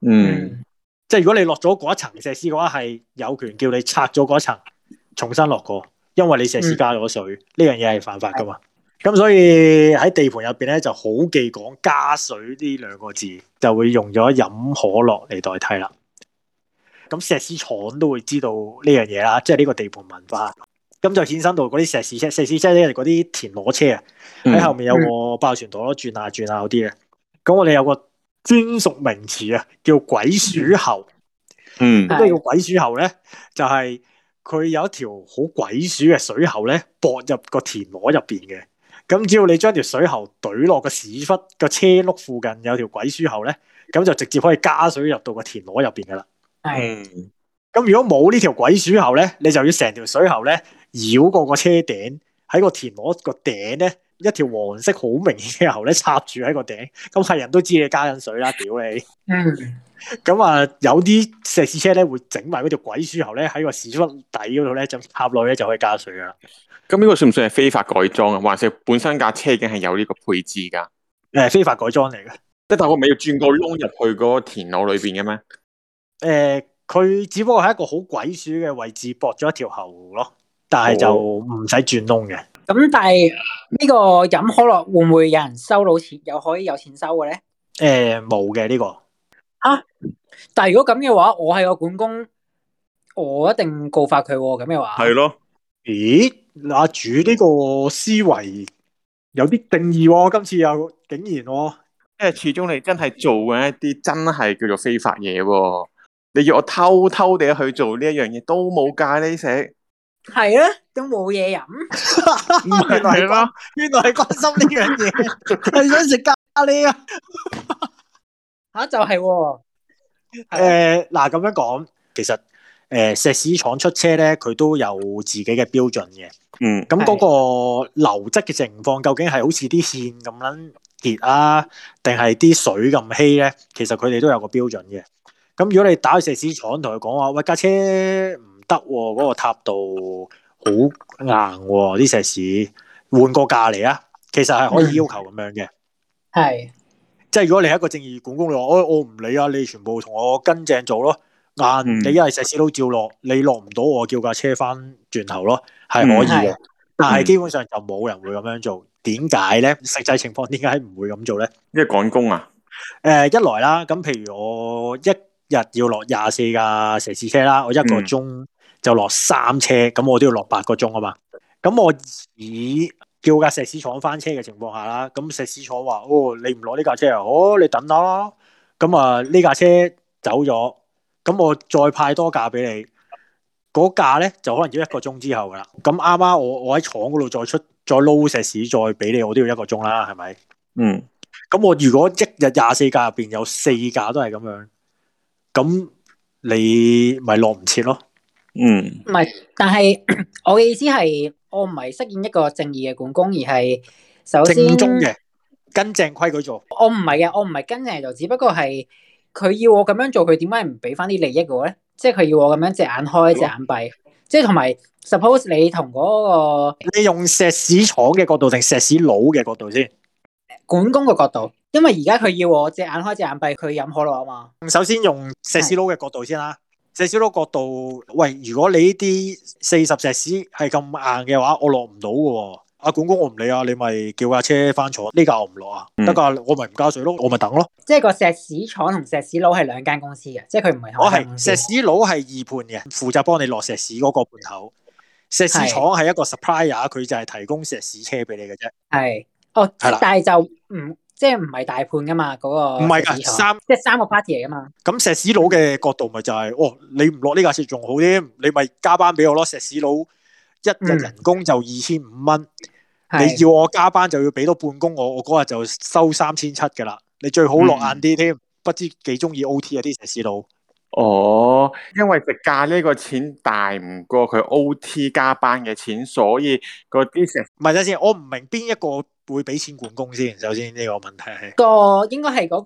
嗯，即係如果你落咗嗰一層石屎嘅話，係有權叫你拆咗嗰層，重新落過，因為你石屎加咗水，呢樣嘢係犯法㗎嘛。咁所以喺地盤入邊咧就好忌講加水呢兩個字，就會用咗飲可樂嚟代替啦。咁石屎廠都會知道呢樣嘢啦，即係呢個地盤文化。咁就衍生到嗰啲石屎車、石屎車咧，嗰啲田螺車啊，喺、嗯、後面有個爆船袋咯，轉下轉下嗰啲嘅。咁我哋有個專屬名詞啊，叫鬼鼠喉。嗯，咩叫鬼鼠喉咧？就係、是、佢有一條好鬼鼠嘅水喉咧，駁入個田螺入邊嘅。咁只要你將條水喉懟落個屎忽個車轆附近有條鬼鼠喉咧，咁就直接可以加水入到個田螺入邊噶啦。係、嗯，咁如果冇呢條鬼鼠喉咧，你就要成條水喉咧繞過個車頂，喺個田螺個頂咧一條黃色好明顯嘅喉咧插住喺個頂，咁係人都知你加緊水啦，屌你！嗯咁、嗯、啊，有啲石屎車咧會整埋嗰條鬼鼠喉咧喺個屎窟底嗰度咧就插落咧就可以加水噶啦。咁呢個算唔算係非法改裝啊？還是本身架車已經係有呢個配置噶？誒、嗯，非法改裝嚟嘅。即係但我唔係要轉個窿入去嗰個田腦裏邊嘅咩？誒、嗯，佢、呃、只不過喺一個好鬼鼠嘅位置，駁咗一條喉咯，但係就唔使轉窿嘅。咁、哦嗯、但係呢個飲可樂會唔會有人收到錢，又可以有錢收嘅咧？誒、呃，冇嘅呢個。但係如果咁嘅話，我係個管工，我一定告發佢咁嘅話。係咯？咦，阿、啊、主呢個思維有啲定義、哦。我今次又竟然我、哦，因、呃、為始終你真係做緊一啲真係叫做非法嘢、哦。你要我偷偷地去做呢一樣嘢，都冇咖喱食。係啊，都冇嘢飲 原。原來關心呢樣嘢，係 想食咖喱啊？吓、 就係，就係。誒、呃，嗱咁樣講，其實誒，石屎廠出車咧，佢都有自己嘅標準嘅。嗯，咁嗰個流質嘅情況，究竟係好似啲線咁樣結啊，定係啲水咁稀咧？其實佢哋都有個標準嘅。咁如果你打去石屎廠，同佢講話，喂，架車唔得，嗰、那個塌度好硬，啲石屎換個架嚟啊。其實係可以要求咁樣嘅，係、嗯。即係如果你係一個正義管工嘅話，我我唔理啊，你全部同我跟正做咯。硬你一係石屎佬照落，你落唔到，我叫架車翻轉頭咯，係可以嘅。但係基本上就冇人會咁樣做。點解咧？實際情況點解唔會咁做咧？因為趕工啊。誒，一來啦，咁譬如我一日要落廿四架石屎車啦，我一個鐘就落三車，咁我都要落八個鐘啊嘛。咁我以叫架石屎廠翻車嘅情況下啦，咁石屎廠話，哦，你唔攞呢架車又，哦，你等我啦。咁啊，呢架車走咗，咁我再派多架俾你。嗰架咧就可能要一個鐘之後噶啦。咁啱啱我我喺廠嗰度再出再撈石屎，再俾你，我都要一個鐘啦，係咪？嗯。咁我如果一日廿四架入邊有四架都係咁樣，咁你咪落唔切咯。嗯。唔係，但係我嘅意思係。我唔係飾演一個正義嘅管工，而係首先正跟正規矩做。我唔係嘅，我唔係跟正嚟做，只不過係佢要我咁樣做，佢點解唔俾翻啲利益呢、就是、我咧？即係佢要我咁樣隻眼開隻眼閉，即係同埋 suppose 你同嗰、那個你用石屎廠嘅角度定石屎佬嘅角度先？管工嘅角度，因為而家佢要我隻眼開隻眼閉，佢飲可樂啊嘛。首先用石屎佬嘅角度先啦。石屎佬角度，喂，如果你呢啲四十石屎係咁硬嘅話，我落唔到嘅。阿管工我唔理啊，不你咪叫架車返廠，呢架我唔落啊，得、嗯、噶，我咪唔交稅咯，我咪等咯。即係個石屎廠同石屎佬係兩間公司嘅，即係佢唔係。我係石屎佬係二判嘅，負責幫你落石屎嗰個判口。石屎廠係一個 supplier，佢就係提供石屎車俾你嘅啫。係，哦，係啦，但係就唔。嗯即係唔係大判噶嘛？嗰、那個唔係噶三，即係三個 party 嚟噶嘛？咁、嗯、石屎佬嘅角度咪就係、是、哦，你唔落呢架車仲好添，你咪加班俾我咯。石屎佬一日人工就二千五蚊，你要我加班就要俾到半工我，我嗰日就收三千七噶啦。你最好落眼啲添、嗯，不知幾中意 O T 啊，啲石屎佬哦，因為食價呢個錢大唔過佢 O T 加班嘅錢，所以嗰啲石屎佬唔係等先，我唔明邊一個。會俾錢管工先，首先呢個問題係，個應該係嗰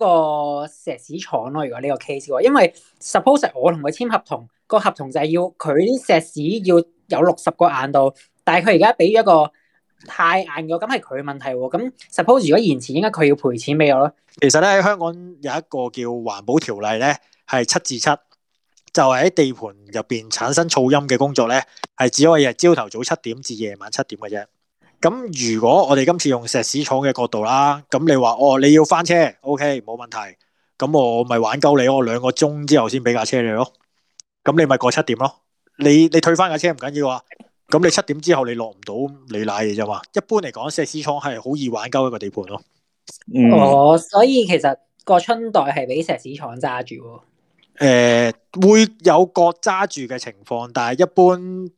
個石屎廠咯。如果呢個 case，因為 suppose 我同佢簽合同，個合同就係要佢啲石屎要有六十個硬度，但係佢而家俾一個太硬咗，咁係佢問題喎。咁 suppose 如果延遲，應該佢要賠錢俾我咯。其實咧，喺香港有一個叫環保條例咧，係七至七，就係、是、喺地盤入邊產生噪音嘅工作咧，係、就是、只可以係朝頭早七點至夜晚七點嘅啫。咁如果我哋今次用石屎廠嘅角度啦，咁你話，哦，你要翻車，OK 冇問題，咁我咪玩鳩你，我兩個鐘之後先俾架車你咯，咁你咪過七點咯，你你退翻架車唔緊要啊，咁你七點之後你落唔到你瀨嘢咋嘛？一般嚟講，石屎廠係好易玩鳩一個地盤咯。嗯、哦，所以其實個春袋係俾石屎廠揸住喎？誒、呃，會有個揸住嘅情況，但係一般。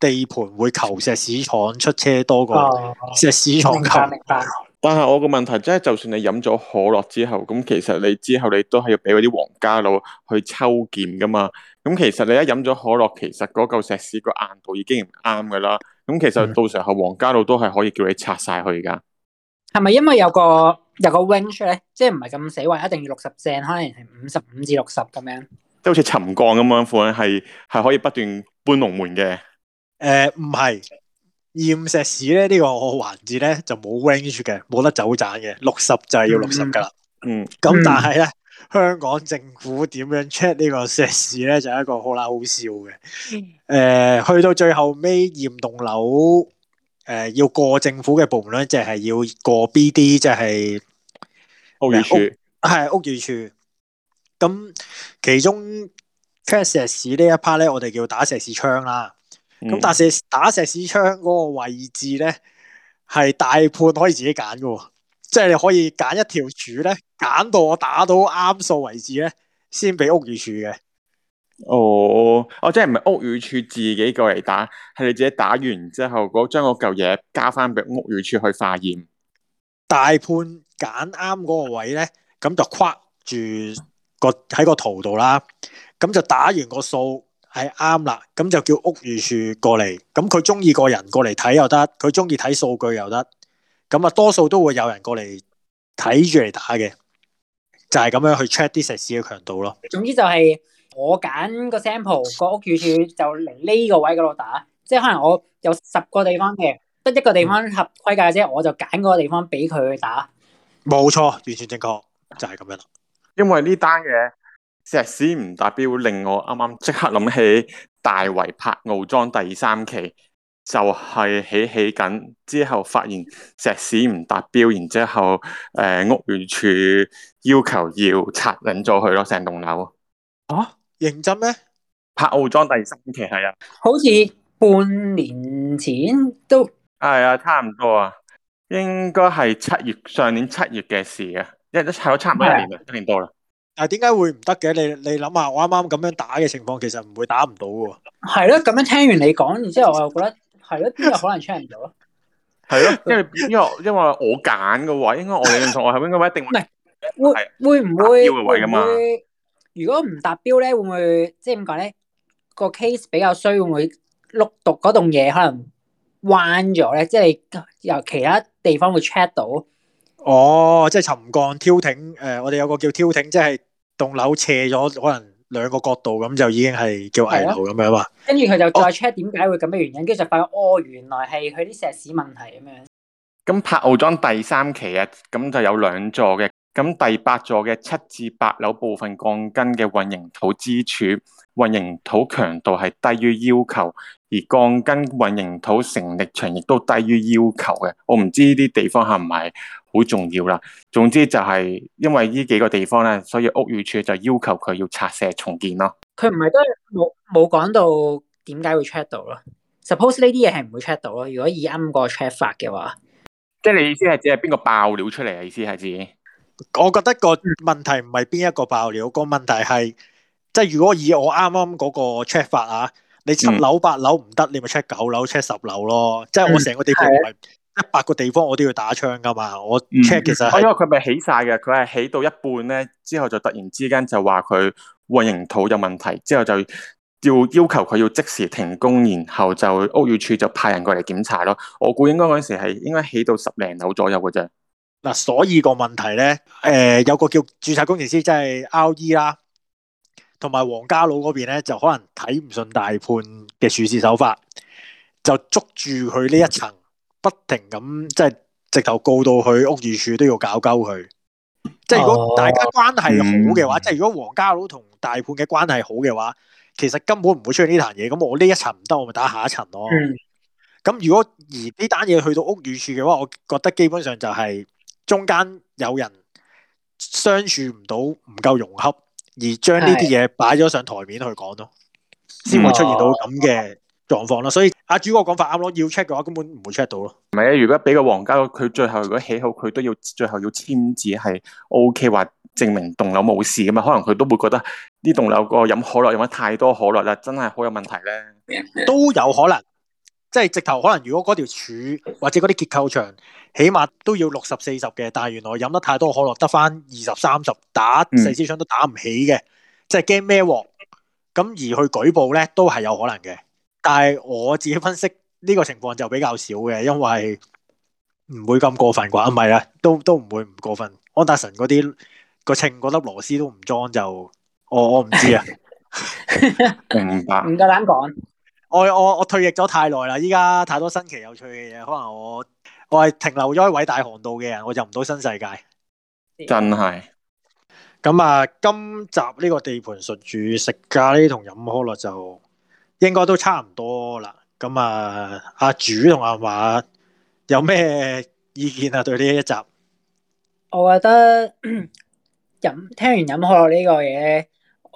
地盤會求石屎廠出車多過石屎廠求訂、哦、但係我個問題即係，就算你飲咗可樂之後，咁其實你之後你都係要俾嗰啲皇家佬去抽檢噶嘛？咁其實你一飲咗可樂，其實嗰嚿石屎個硬度已經唔啱噶啦。咁其實到時候皇家佬都係可以叫你拆晒佢噶。係、嗯、咪因為有個有個 range 咧，即係唔係咁死話，一定要六十正，可能係五十五至六十咁樣，即係好似沉降咁樣款，係係可以不斷搬龍門嘅。誒、呃，唔係驗石屎咧，呢、這個環節咧就冇 range 嘅，冇得走盞嘅，六十就係要六十噶啦。嗯，咁、嗯、但係咧，香港政府點樣 check 個呢個石屎咧，就是、一個好啦好笑嘅。誒、呃，去到最後尾驗棟樓，誒、呃，要過政府嘅部門咧，就係、是、要過 B D，就係、是、屋宇署，係屋宇署。咁其中 check 石屎呢一 part 咧，我哋叫打石屎槍啦。咁、嗯、但係打石屎槍嗰個位置咧，係大判可以自己揀嘅，即係你可以揀一條柱咧，揀到我打到啱數為止咧，先俾屋宇處嘅。哦，哦，即係唔係屋宇處自己過嚟打，係你自己打完之後，嗰將嗰嚿嘢加翻俾屋宇處去化驗。大判揀啱嗰個位咧，咁就框住個喺個圖度啦，咁就打完個數。係啱啦，咁就叫屋宇署過嚟，咁佢中意個人過嚟睇又得，佢中意睇數據又得，咁啊多數都會有人過嚟睇住嚟打嘅，就係、是、咁樣去 check 啲石屎嘅強度咯。總之就係我揀個 sample 個屋宇署就嚟呢個位嗰度打，即係可能我有十個地方嘅，得一個地方合規格啫、嗯，我就揀嗰個地方俾佢去打。冇錯，完全正確，就係、是、咁樣啦。因為呢單嘢。石屎唔達標，令我啱啱即刻諗起大圍柏傲莊第三期，就係、是、起起緊之後發現石屎唔達標，然之後誒、呃、屋苑處要求要拆緊咗佢咯，成棟樓啊！認真咩？柏傲莊第三期係啊，好似半年前都係啊、哎，差唔多啊，應該係七月上年七月嘅事啊，因為都差咗差唔多一年啦，一年多啦。但係點解會唔得嘅？你你諗下，我啱啱咁樣打嘅情況，其實唔會打唔到㗎喎。係咯，咁樣聽完你講，然之後我又覺得係咯，因為可能 check 唔到咯。係咯，因為因為因為我揀嘅話，應該我認同，我後邊應該一定唔係會會唔會？會會如果唔達標咧，會唔會即係點講咧？個 case 比較衰，會唔會碌獨嗰棟嘢，可能彎咗咧？即係由其他地方會 check 到。哦，即係沉降挑挺。誒，我哋有個叫挑挺，即係。棟樓斜咗，可能兩個角度咁就已經係叫危樓咁樣啊。跟住佢就再 check 點解會咁嘅原因，跟住就發覺哦，原來係佢啲石屎問題咁樣。咁柏傲莊第三期啊，咁就有兩座嘅，咁第八座嘅七至八樓部分鋼筋嘅混凝土支柱，混凝土強度係低於要求。而鋼筋混凝土承力牆亦都低於要求嘅，我唔知呢啲地方係唔係好重要啦。總之就係因為呢幾個地方咧，所以屋宇署就要求佢要拆卸重建咯。佢唔係都冇冇講到點解會 check 到咯？Suppose 呢啲嘢係唔會 check 到咯。如果以啱個 check 法嘅話，即係你意思係指係邊個爆料出嚟啊？意思係指？我覺得個問題唔係邊一個爆料，個問題係即係如果以我啱啱嗰個 check 法啊。你七樓八樓唔得，你咪 check 九樓 check 十樓咯，即係我成個地方唔係一百個地方，我都要打槍噶嘛。我 check 其實、嗯嗯啊，因為佢咪起晒嘅，佢係起到一半咧，之後就突然之間就話佢混凝土有問題，之後就要要求佢要即時停工，然後就屋宇處就派人過嚟檢查咯。我估應該嗰陣時係應該起到十零樓左右嘅啫。嗱，所以個問題咧，誒、呃，有個叫註冊工程師即係 RE 啦。同埋王家佬嗰邊咧，就可能睇唔順大判嘅處事手法，就捉住佢呢一層，不停咁即係直頭告到佢屋宇署都要搞鳩佢。即係如果大家關係好嘅話，哦嗯、即係如果王家佬同大判嘅關係好嘅話，其實根本唔會出呢壇嘢。咁我呢一層唔得，我咪打下一層咯。咁、嗯、如果而呢單嘢去到屋宇署嘅話，我覺得基本上就係、是、中間有人相處唔到，唔夠融洽。而將呢啲嘢擺咗上台面去講咯，先會出現到咁嘅狀況咯、嗯。所以阿主哥講法啱咯，要 check 嘅話根本唔會 check 到咯。唔係啊，如果俾個皇家，佢最後如果起好，佢都要最後要簽字係 OK，話證明棟樓冇事噶嘛。可能佢都會覺得呢棟樓個飲可樂飲得太多可樂啦，真係好有問題咧。都有可能。即係直頭，可能如果嗰條柱或者嗰啲結構牆，起碼都要六十四十嘅。但係原來飲得太多可樂，得翻二十三十，打四支槍都打唔起嘅。即係驚孭鑊，咁而去舉報咧，都係有可能嘅。但係我自己分析呢、呢個情況就比較少嘅，因為唔會咁過分啩。唔係。啊，都都唔會唔過分。安達臣嗰啲個稱嗰粒螺絲都唔裝就，我我唔知啊。唔明白，唔夠膽講。我我我退役咗太耐啦，依家太多新奇有趣嘅嘢，可能我我係停留咗偉大航道嘅人，我入唔到新世界。真係。咁啊，今集呢個地盤術語食咖喱，同飲可樂就應該都差唔多啦。咁啊，主阿主同阿華有咩意見啊？對呢一集，我覺得飲，聽完飲可樂呢個嘢。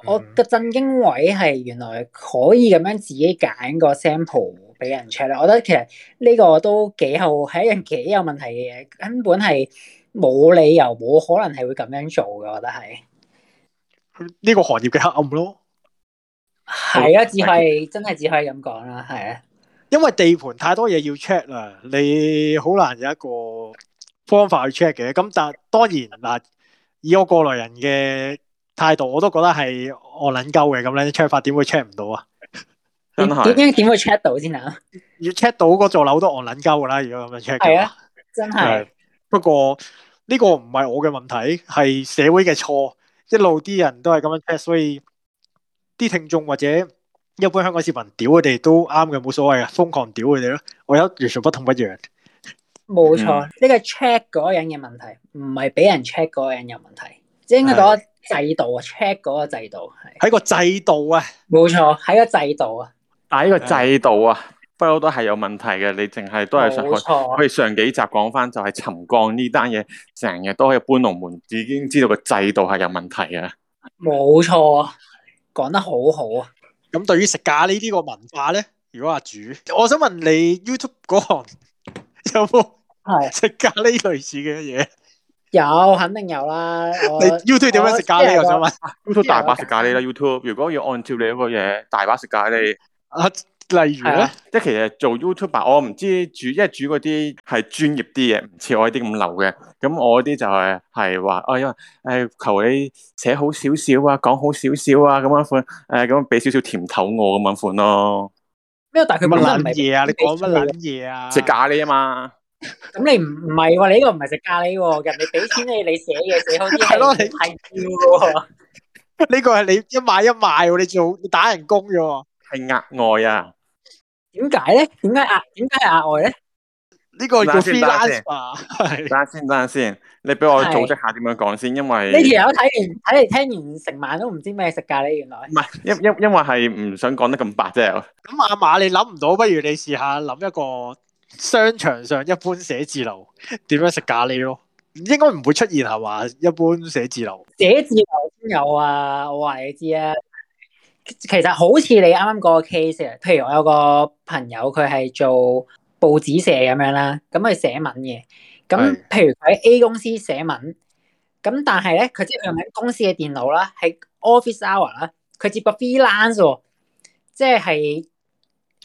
我個震驚位係原來可以咁樣自己揀個 sample 俾人 check 啊！我覺得其實呢個都幾好，係一樣幾有問題嘅嘢，根本係冇理由、冇可能係會咁樣做嘅。我覺得係呢個行業嘅黑暗咯。係啊，只係真係只可以咁講啦。係啊，因為地盤太多嘢要 check 啦，你好難有一個方法去 check 嘅。咁但係當然嗱，以我過來人嘅。態度我都覺得係我捻鳩嘅，咁咧 check 法點會 check 唔到啊？點點點會 check 到先啊？要 check 到嗰座樓都我撚鳩㗎啦！如果咁樣 check 係啊，真係。不過呢個唔係我嘅問題，係社會嘅錯。一路啲人都係咁樣 check，所以啲聽眾或者一般香港市民屌佢哋都啱嘅，冇所謂啊！瘋狂屌佢哋咯，我而家完全不痛不癢。冇錯，呢，嗯，呢個 check 嗰人嘅問題，唔係俾人 check 嗰人有問題。應該嗰個制度啊，check 嗰個制度係係個制度啊，冇錯係個制度啊，但係呢個制度啊，不嬲都係有問題嘅。你淨係都係想個我哋上幾集講翻，就係沉降呢單嘢，成日都喺度搬龍門，已經知道個制度係有問題嘅。冇錯啊，講得好好啊。咁對於食咖喱呢個文化咧，如果話煮，我想問你 YouTube 嗰行有冇食咖喱類似嘅嘢？有，肯定有啦。 你 YouTube 點樣食咖喱我,我想問？YouTube 大把食咖喱啦，YouTube 如果要按照你 u b 個嘢，大把食咖喱。啊，例如咧、啊，即係其實做 YouTube 啊，我唔知煮，因為煮嗰啲係專業啲嘢，唔似我啲咁流嘅。咁我啲就係係話，啊，因為誒、就是哎、求你寫好少少啊，講好少少啊，咁樣款，誒咁俾少少甜頭我咁樣款咯。咩？但係佢乜撚嘢啊？你講乜撚嘢啊？食咖喱啊嘛。咁你唔唔係喎？你呢個唔係食咖喱喎？人哋俾錢你，你寫嘢，寫好啲係咯？係票喎？呢個係你一買一賣喎？你做你打人工嘅喎？係額外啊？點解咧？點解額外？點解係額外咧？呢個叫 freelancer。等下先，等下先，你俾我組織下點樣講先？因為你條友睇完睇嚟，聽完成晚都唔知咩食咖喱，原來唔係因因因為係唔想講得咁白啫。咁阿嫲你諗唔到，不如你試下諗一個。商場上一般寫字樓點樣食咖喱咯？應該唔會出現係嘛？一般寫字樓，寫字樓先有啊，我話你知啊。其實好似你啱啱個 case 啊，譬如我有個朋友，佢係做報紙社咁樣啦，咁佢寫文嘅。咁，譬如佢喺 A 公司寫文，咁但係咧，佢即係用喺公司嘅電腦啦，喺、嗯、office hour 啦，佢接個 freelance，即係，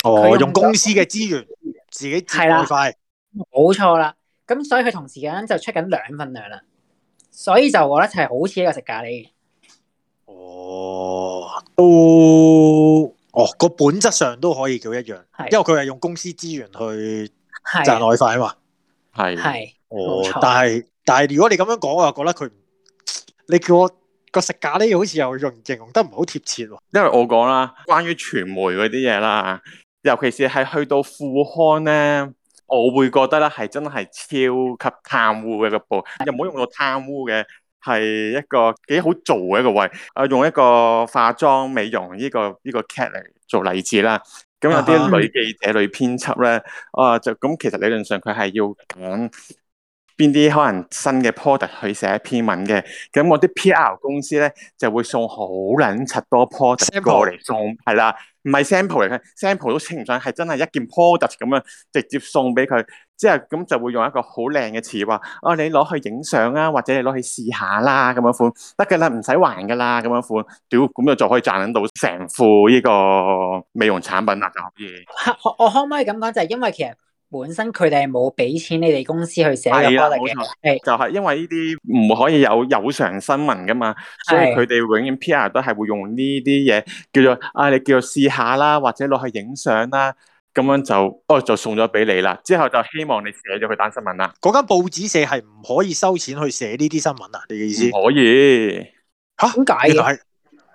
哦，用公司嘅資源。自己折內快，冇錯啦。咁所以佢同時間就出緊兩份糧啦，所以就我覺得就係好似一個食咖喱嘅。哦，都哦，個、哦哦、本質上都可以叫一樣，因為佢係用公司資源去賺外快啊嘛，係係哦。但係但係，如果你咁樣講，我又覺得佢，你叫我個食咖喱好似又用形容得唔好貼切。因為我講啦，關於傳媒嗰啲嘢啦。尤其是係去到富康咧，我會覺得咧，係真係超級貪污嘅一個部，又唔好用到貪污嘅，係一個幾好做嘅一個位。啊，用一個化妝美容呢個呢個 case 嚟做例子啦。咁有啲女記者、女編輯咧，uh -huh. 啊就咁，其實理論上佢係要講。邊啲可能新嘅 product 去寫一篇文嘅，咁我啲 PR 公司咧就會送好撚柒多 product 過嚟送。係啦，唔係 sample 嚟嘅，sample 都稱唔上，係真係一件 product 咁樣直接送俾佢，之後咁就會用一個好靚嘅詞話，啊、哦、你攞去影相啊，或者你攞去試下啦、啊、咁樣款，得嘅啦，唔使還嘅啦咁樣款，屌咁樣就可以賺到成副呢個美容產品啦就可以。我，我可唔可以咁講？就係、因為其實。本身佢哋係冇俾錢你哋公司去寫嘅，係啦，冇錯，就係因為呢啲唔可以有有償新聞噶嘛，的所以佢哋永遠 P.R. 都係會用呢啲嘢叫做啊，你叫做試下啦，或者攞去影相啦，咁樣就哦就送咗俾你啦，之後就希望你寫咗佢單新聞啦。嗰間報紙社係唔可以收錢去寫呢啲新聞啊？你嘅意思？可以吓？點、啊、解？係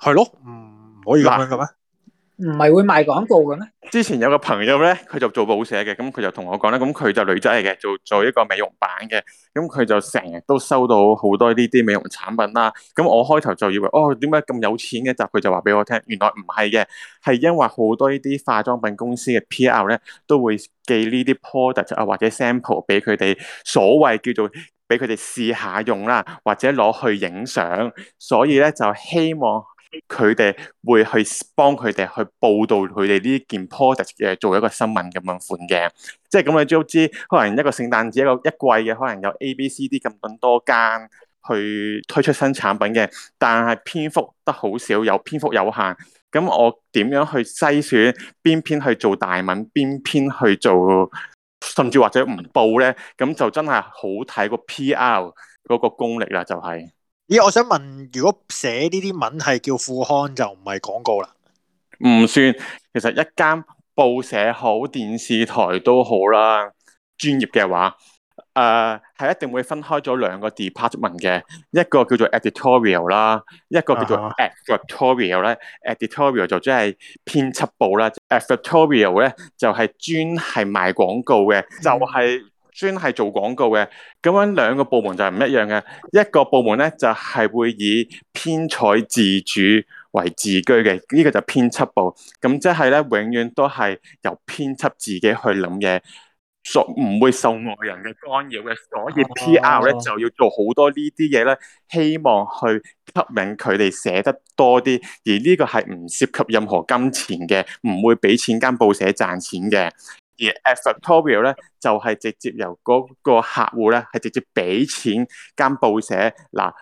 係咯，唔可以咁樣嘅咩？唔係會賣廣告嘅咩？之前有個朋友咧，佢就做報社嘅，咁佢就同我講啦，咁佢就女仔嚟嘅，做做一個美容版嘅，咁佢就成日都收到好多呢啲美容產品啦。咁我開頭就以為，哦，點解咁有錢嘅集？佢就話俾我聽，原來唔係嘅，係因為好多呢啲化妝品公司嘅 PR 咧，都會寄呢啲 product 啊或者 sample 俾佢哋，所謂叫做俾佢哋試下用啦，或者攞去影相，所以咧就希望。佢哋會去幫佢哋去報道佢哋呢件 product 嘅做一個新聞咁樣款嘅，即係咁你都知，可能一個聖誕節一個一季嘅，可能有 A、B、C、D 咁多間去推出新產品嘅，但係篇幅得好少，有篇幅有限，咁我點樣去篩選邊篇去做大文，邊篇去做，甚至或者唔報咧，咁就真係好睇個 PR 嗰個功力啦，就係。.咦，我想問，如果寫呢啲文係叫副刊，就唔係廣告啦？唔算，其實一間報社好，電視台都好啦。專業嘅話，誒、呃，係一定會分開咗兩個 department 嘅，一個叫做 editorial 啦，一個叫做 advertorial 咧、uh -huh.。editorial 就即係編輯部啦，advertorial 咧就係專係賣廣告嘅，uh -huh. 就係、是。專係做廣告嘅，咁樣兩個部門就係唔一樣嘅。一個部門咧就係會以編採自主為自居嘅，呢個就編輯部。咁即係咧，永遠都係由編輯自己去諗嘢，受唔會受外人嘅干擾嘅。所以 PR 咧就要做好多呢啲嘢咧，希望去吸引佢哋寫得多啲。而呢個係唔涉及任何金錢嘅，唔會俾錢間報社賺錢嘅。而 Editorial 咧就係直接由嗰個客戶咧係直接俾錢間報社，嗱，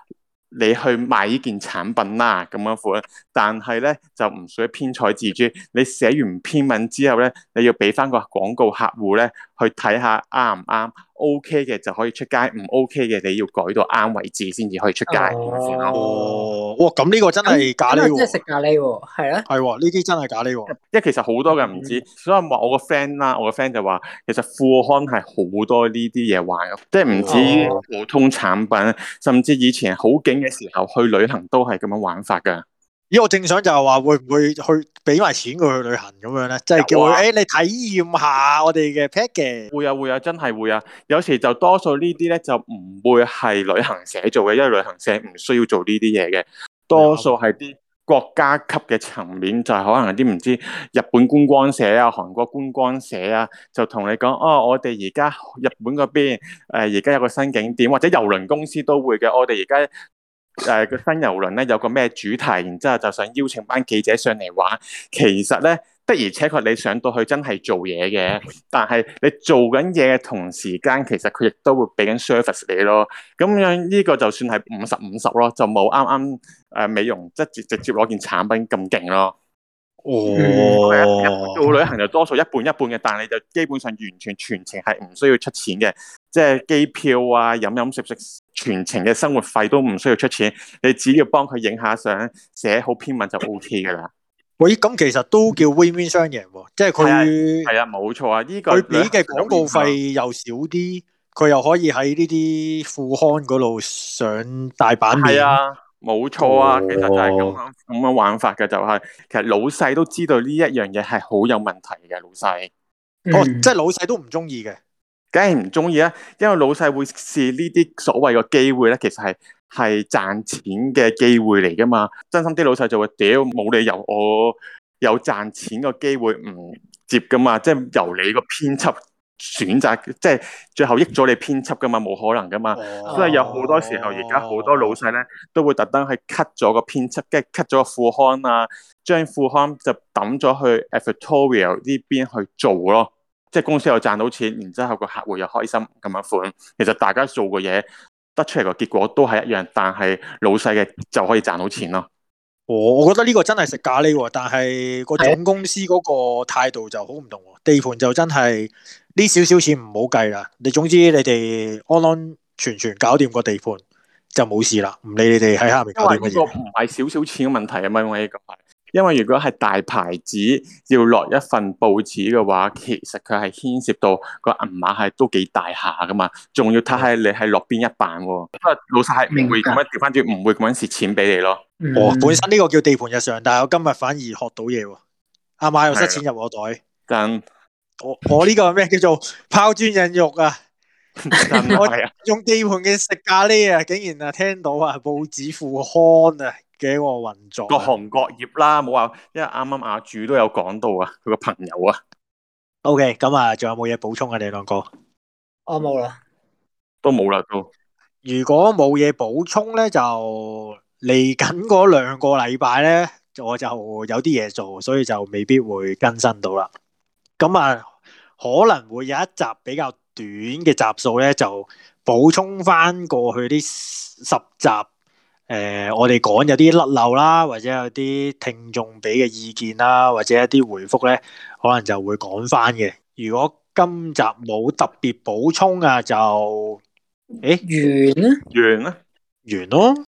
你去賣呢件產品啦咁樣款，但係咧就唔屬於編採自主。你寫完篇文之後咧，你要俾翻個廣告客戶咧去睇下啱唔啱。O K 嘅就可以出街，唔 O K 嘅你要改到啱位置先至可以出街。哦，哦哇！咁呢個真係咖喱喎、啊嗯，真係食咖喱喎，係啊，係喎、啊，呢啲、哦、真係咖喱喎、啊。因為其實好多嘅唔知，所以話我個 friend 啦，我個 friend 就話其實富康係好多呢啲嘢玩、哦、即係唔止普通產品、哦，甚至以前好景嘅時候去旅行都係咁樣玩法㗎。咦，我正想就係話會唔會去俾埋錢佢去旅行咁樣咧？即係叫佢誒，啊哎，你體驗下我哋嘅 package。會啊，會啊，真係會啊！有時就多數呢啲咧就唔會係旅行社做嘅，因為旅行社唔需要做呢啲嘢嘅。多數係啲國家級嘅層面，就係可能啲唔知日本觀光社啊、韓國觀光社啊，就同你講哦，我哋而家日本嗰邊誒，而家有個新景點，或者郵輪公司都會嘅，我哋而家。誒、呃、新郵輪咧，有個咩主題，然之後就想邀請班記者上嚟玩。其實咧，的而且確你上到去真係做嘢嘅，但係你做緊嘢嘅同時間，其實佢亦都會俾緊 service 你咯。咁樣呢個就算係五十五十咯，就冇啱啱美容即直直接攞件產品咁勁咯。哦，做旅行就多數一半一半嘅，但係你就基本上完全全程係唔需要出錢嘅，即係機票啊、飲飲食食，全程嘅生活費都唔需要出錢。你只要幫佢影下相，寫好篇文就 OK 噶啦。喂、嗯、咁、嗯嗯嗯嗯、其實都叫 Win Win 雙贏喎，即係佢係啊，冇錯啊，呢、這個佢俾嘅廣告費又少啲，佢又可以喺呢啲富刊嗰度上大版面啊。冇錯啊，其實就係咁樣咁樣玩法嘅、就係，就係其實老細都知道呢一樣嘢係好有問題嘅，老細、嗯、哦，即係老細都唔中意嘅，梗係唔中意啦，因為老細會試呢啲所謂嘅機會咧，其實係係賺錢嘅機會嚟噶嘛，真心啲老細就會屌，冇理由，我有賺錢嘅機會唔接噶嘛，即係由你個編輯。選擇即係最後益咗你編輯噶嘛，冇可能噶嘛。啊，所以有好多時候而家好多老細咧都會特登去 cut 咗個編輯，即係 cut 咗個副刊啊，將副刊就抌咗去 editorial 呢邊去做咯，即係公司又賺到錢，然之後個客戶又開心咁樣款。其實大家做嘅嘢得出嚟個結果都係一樣，但係老細嘅就可以賺到錢咯。我、哦、我覺得呢個真係食咖喱喎，但係個總公司嗰個態度就好唔同喎。地盤就真係呢，少少錢唔好計啦。你總之你哋安安全全搞掂個地盤就冇事啦，唔理你哋喺下面搞掂乜嘢。個唔係少少錢嘅問題啊嘛，我哋近因為如果係大牌子要落一份報紙嘅話，其實佢係牽涉到個銀碼係都幾大下噶嘛，仲要睇下你係落邊一版喎、啊。因為老細唔會咁樣掉翻轉，唔會咁樣蝕錢俾你咯。我本身呢個叫地盤日常，但係我今日反而學到嘢喎。阿媽，媽又塞錢入我袋。但我我呢個係咩叫做拋磚引玉啊？ 我用地盤嘅食咖喱啊，竟然啊聽到啊報紙副刊啊！幾個運作，各行各業啦，冇話，因為啱啱阿主都有講到啊，佢個朋友啊。OK，咁啊，仲有冇嘢補充啊？你兩個，哦，冇啦，都冇啦都。如果冇嘢補充咧，就嚟緊嗰兩個禮拜咧，我就有啲嘢做，所以就未必會更新到啦。咁啊，可能會有一集比較短嘅集數咧，就補充翻過去啲十集。誒、呃，我哋講有啲甩漏啦，或者有啲聽眾俾嘅意見啦，或者一啲回覆咧，可能就會講翻嘅。如果今集冇特別補充啊，就誒、欸，完啦，完啦，完咯。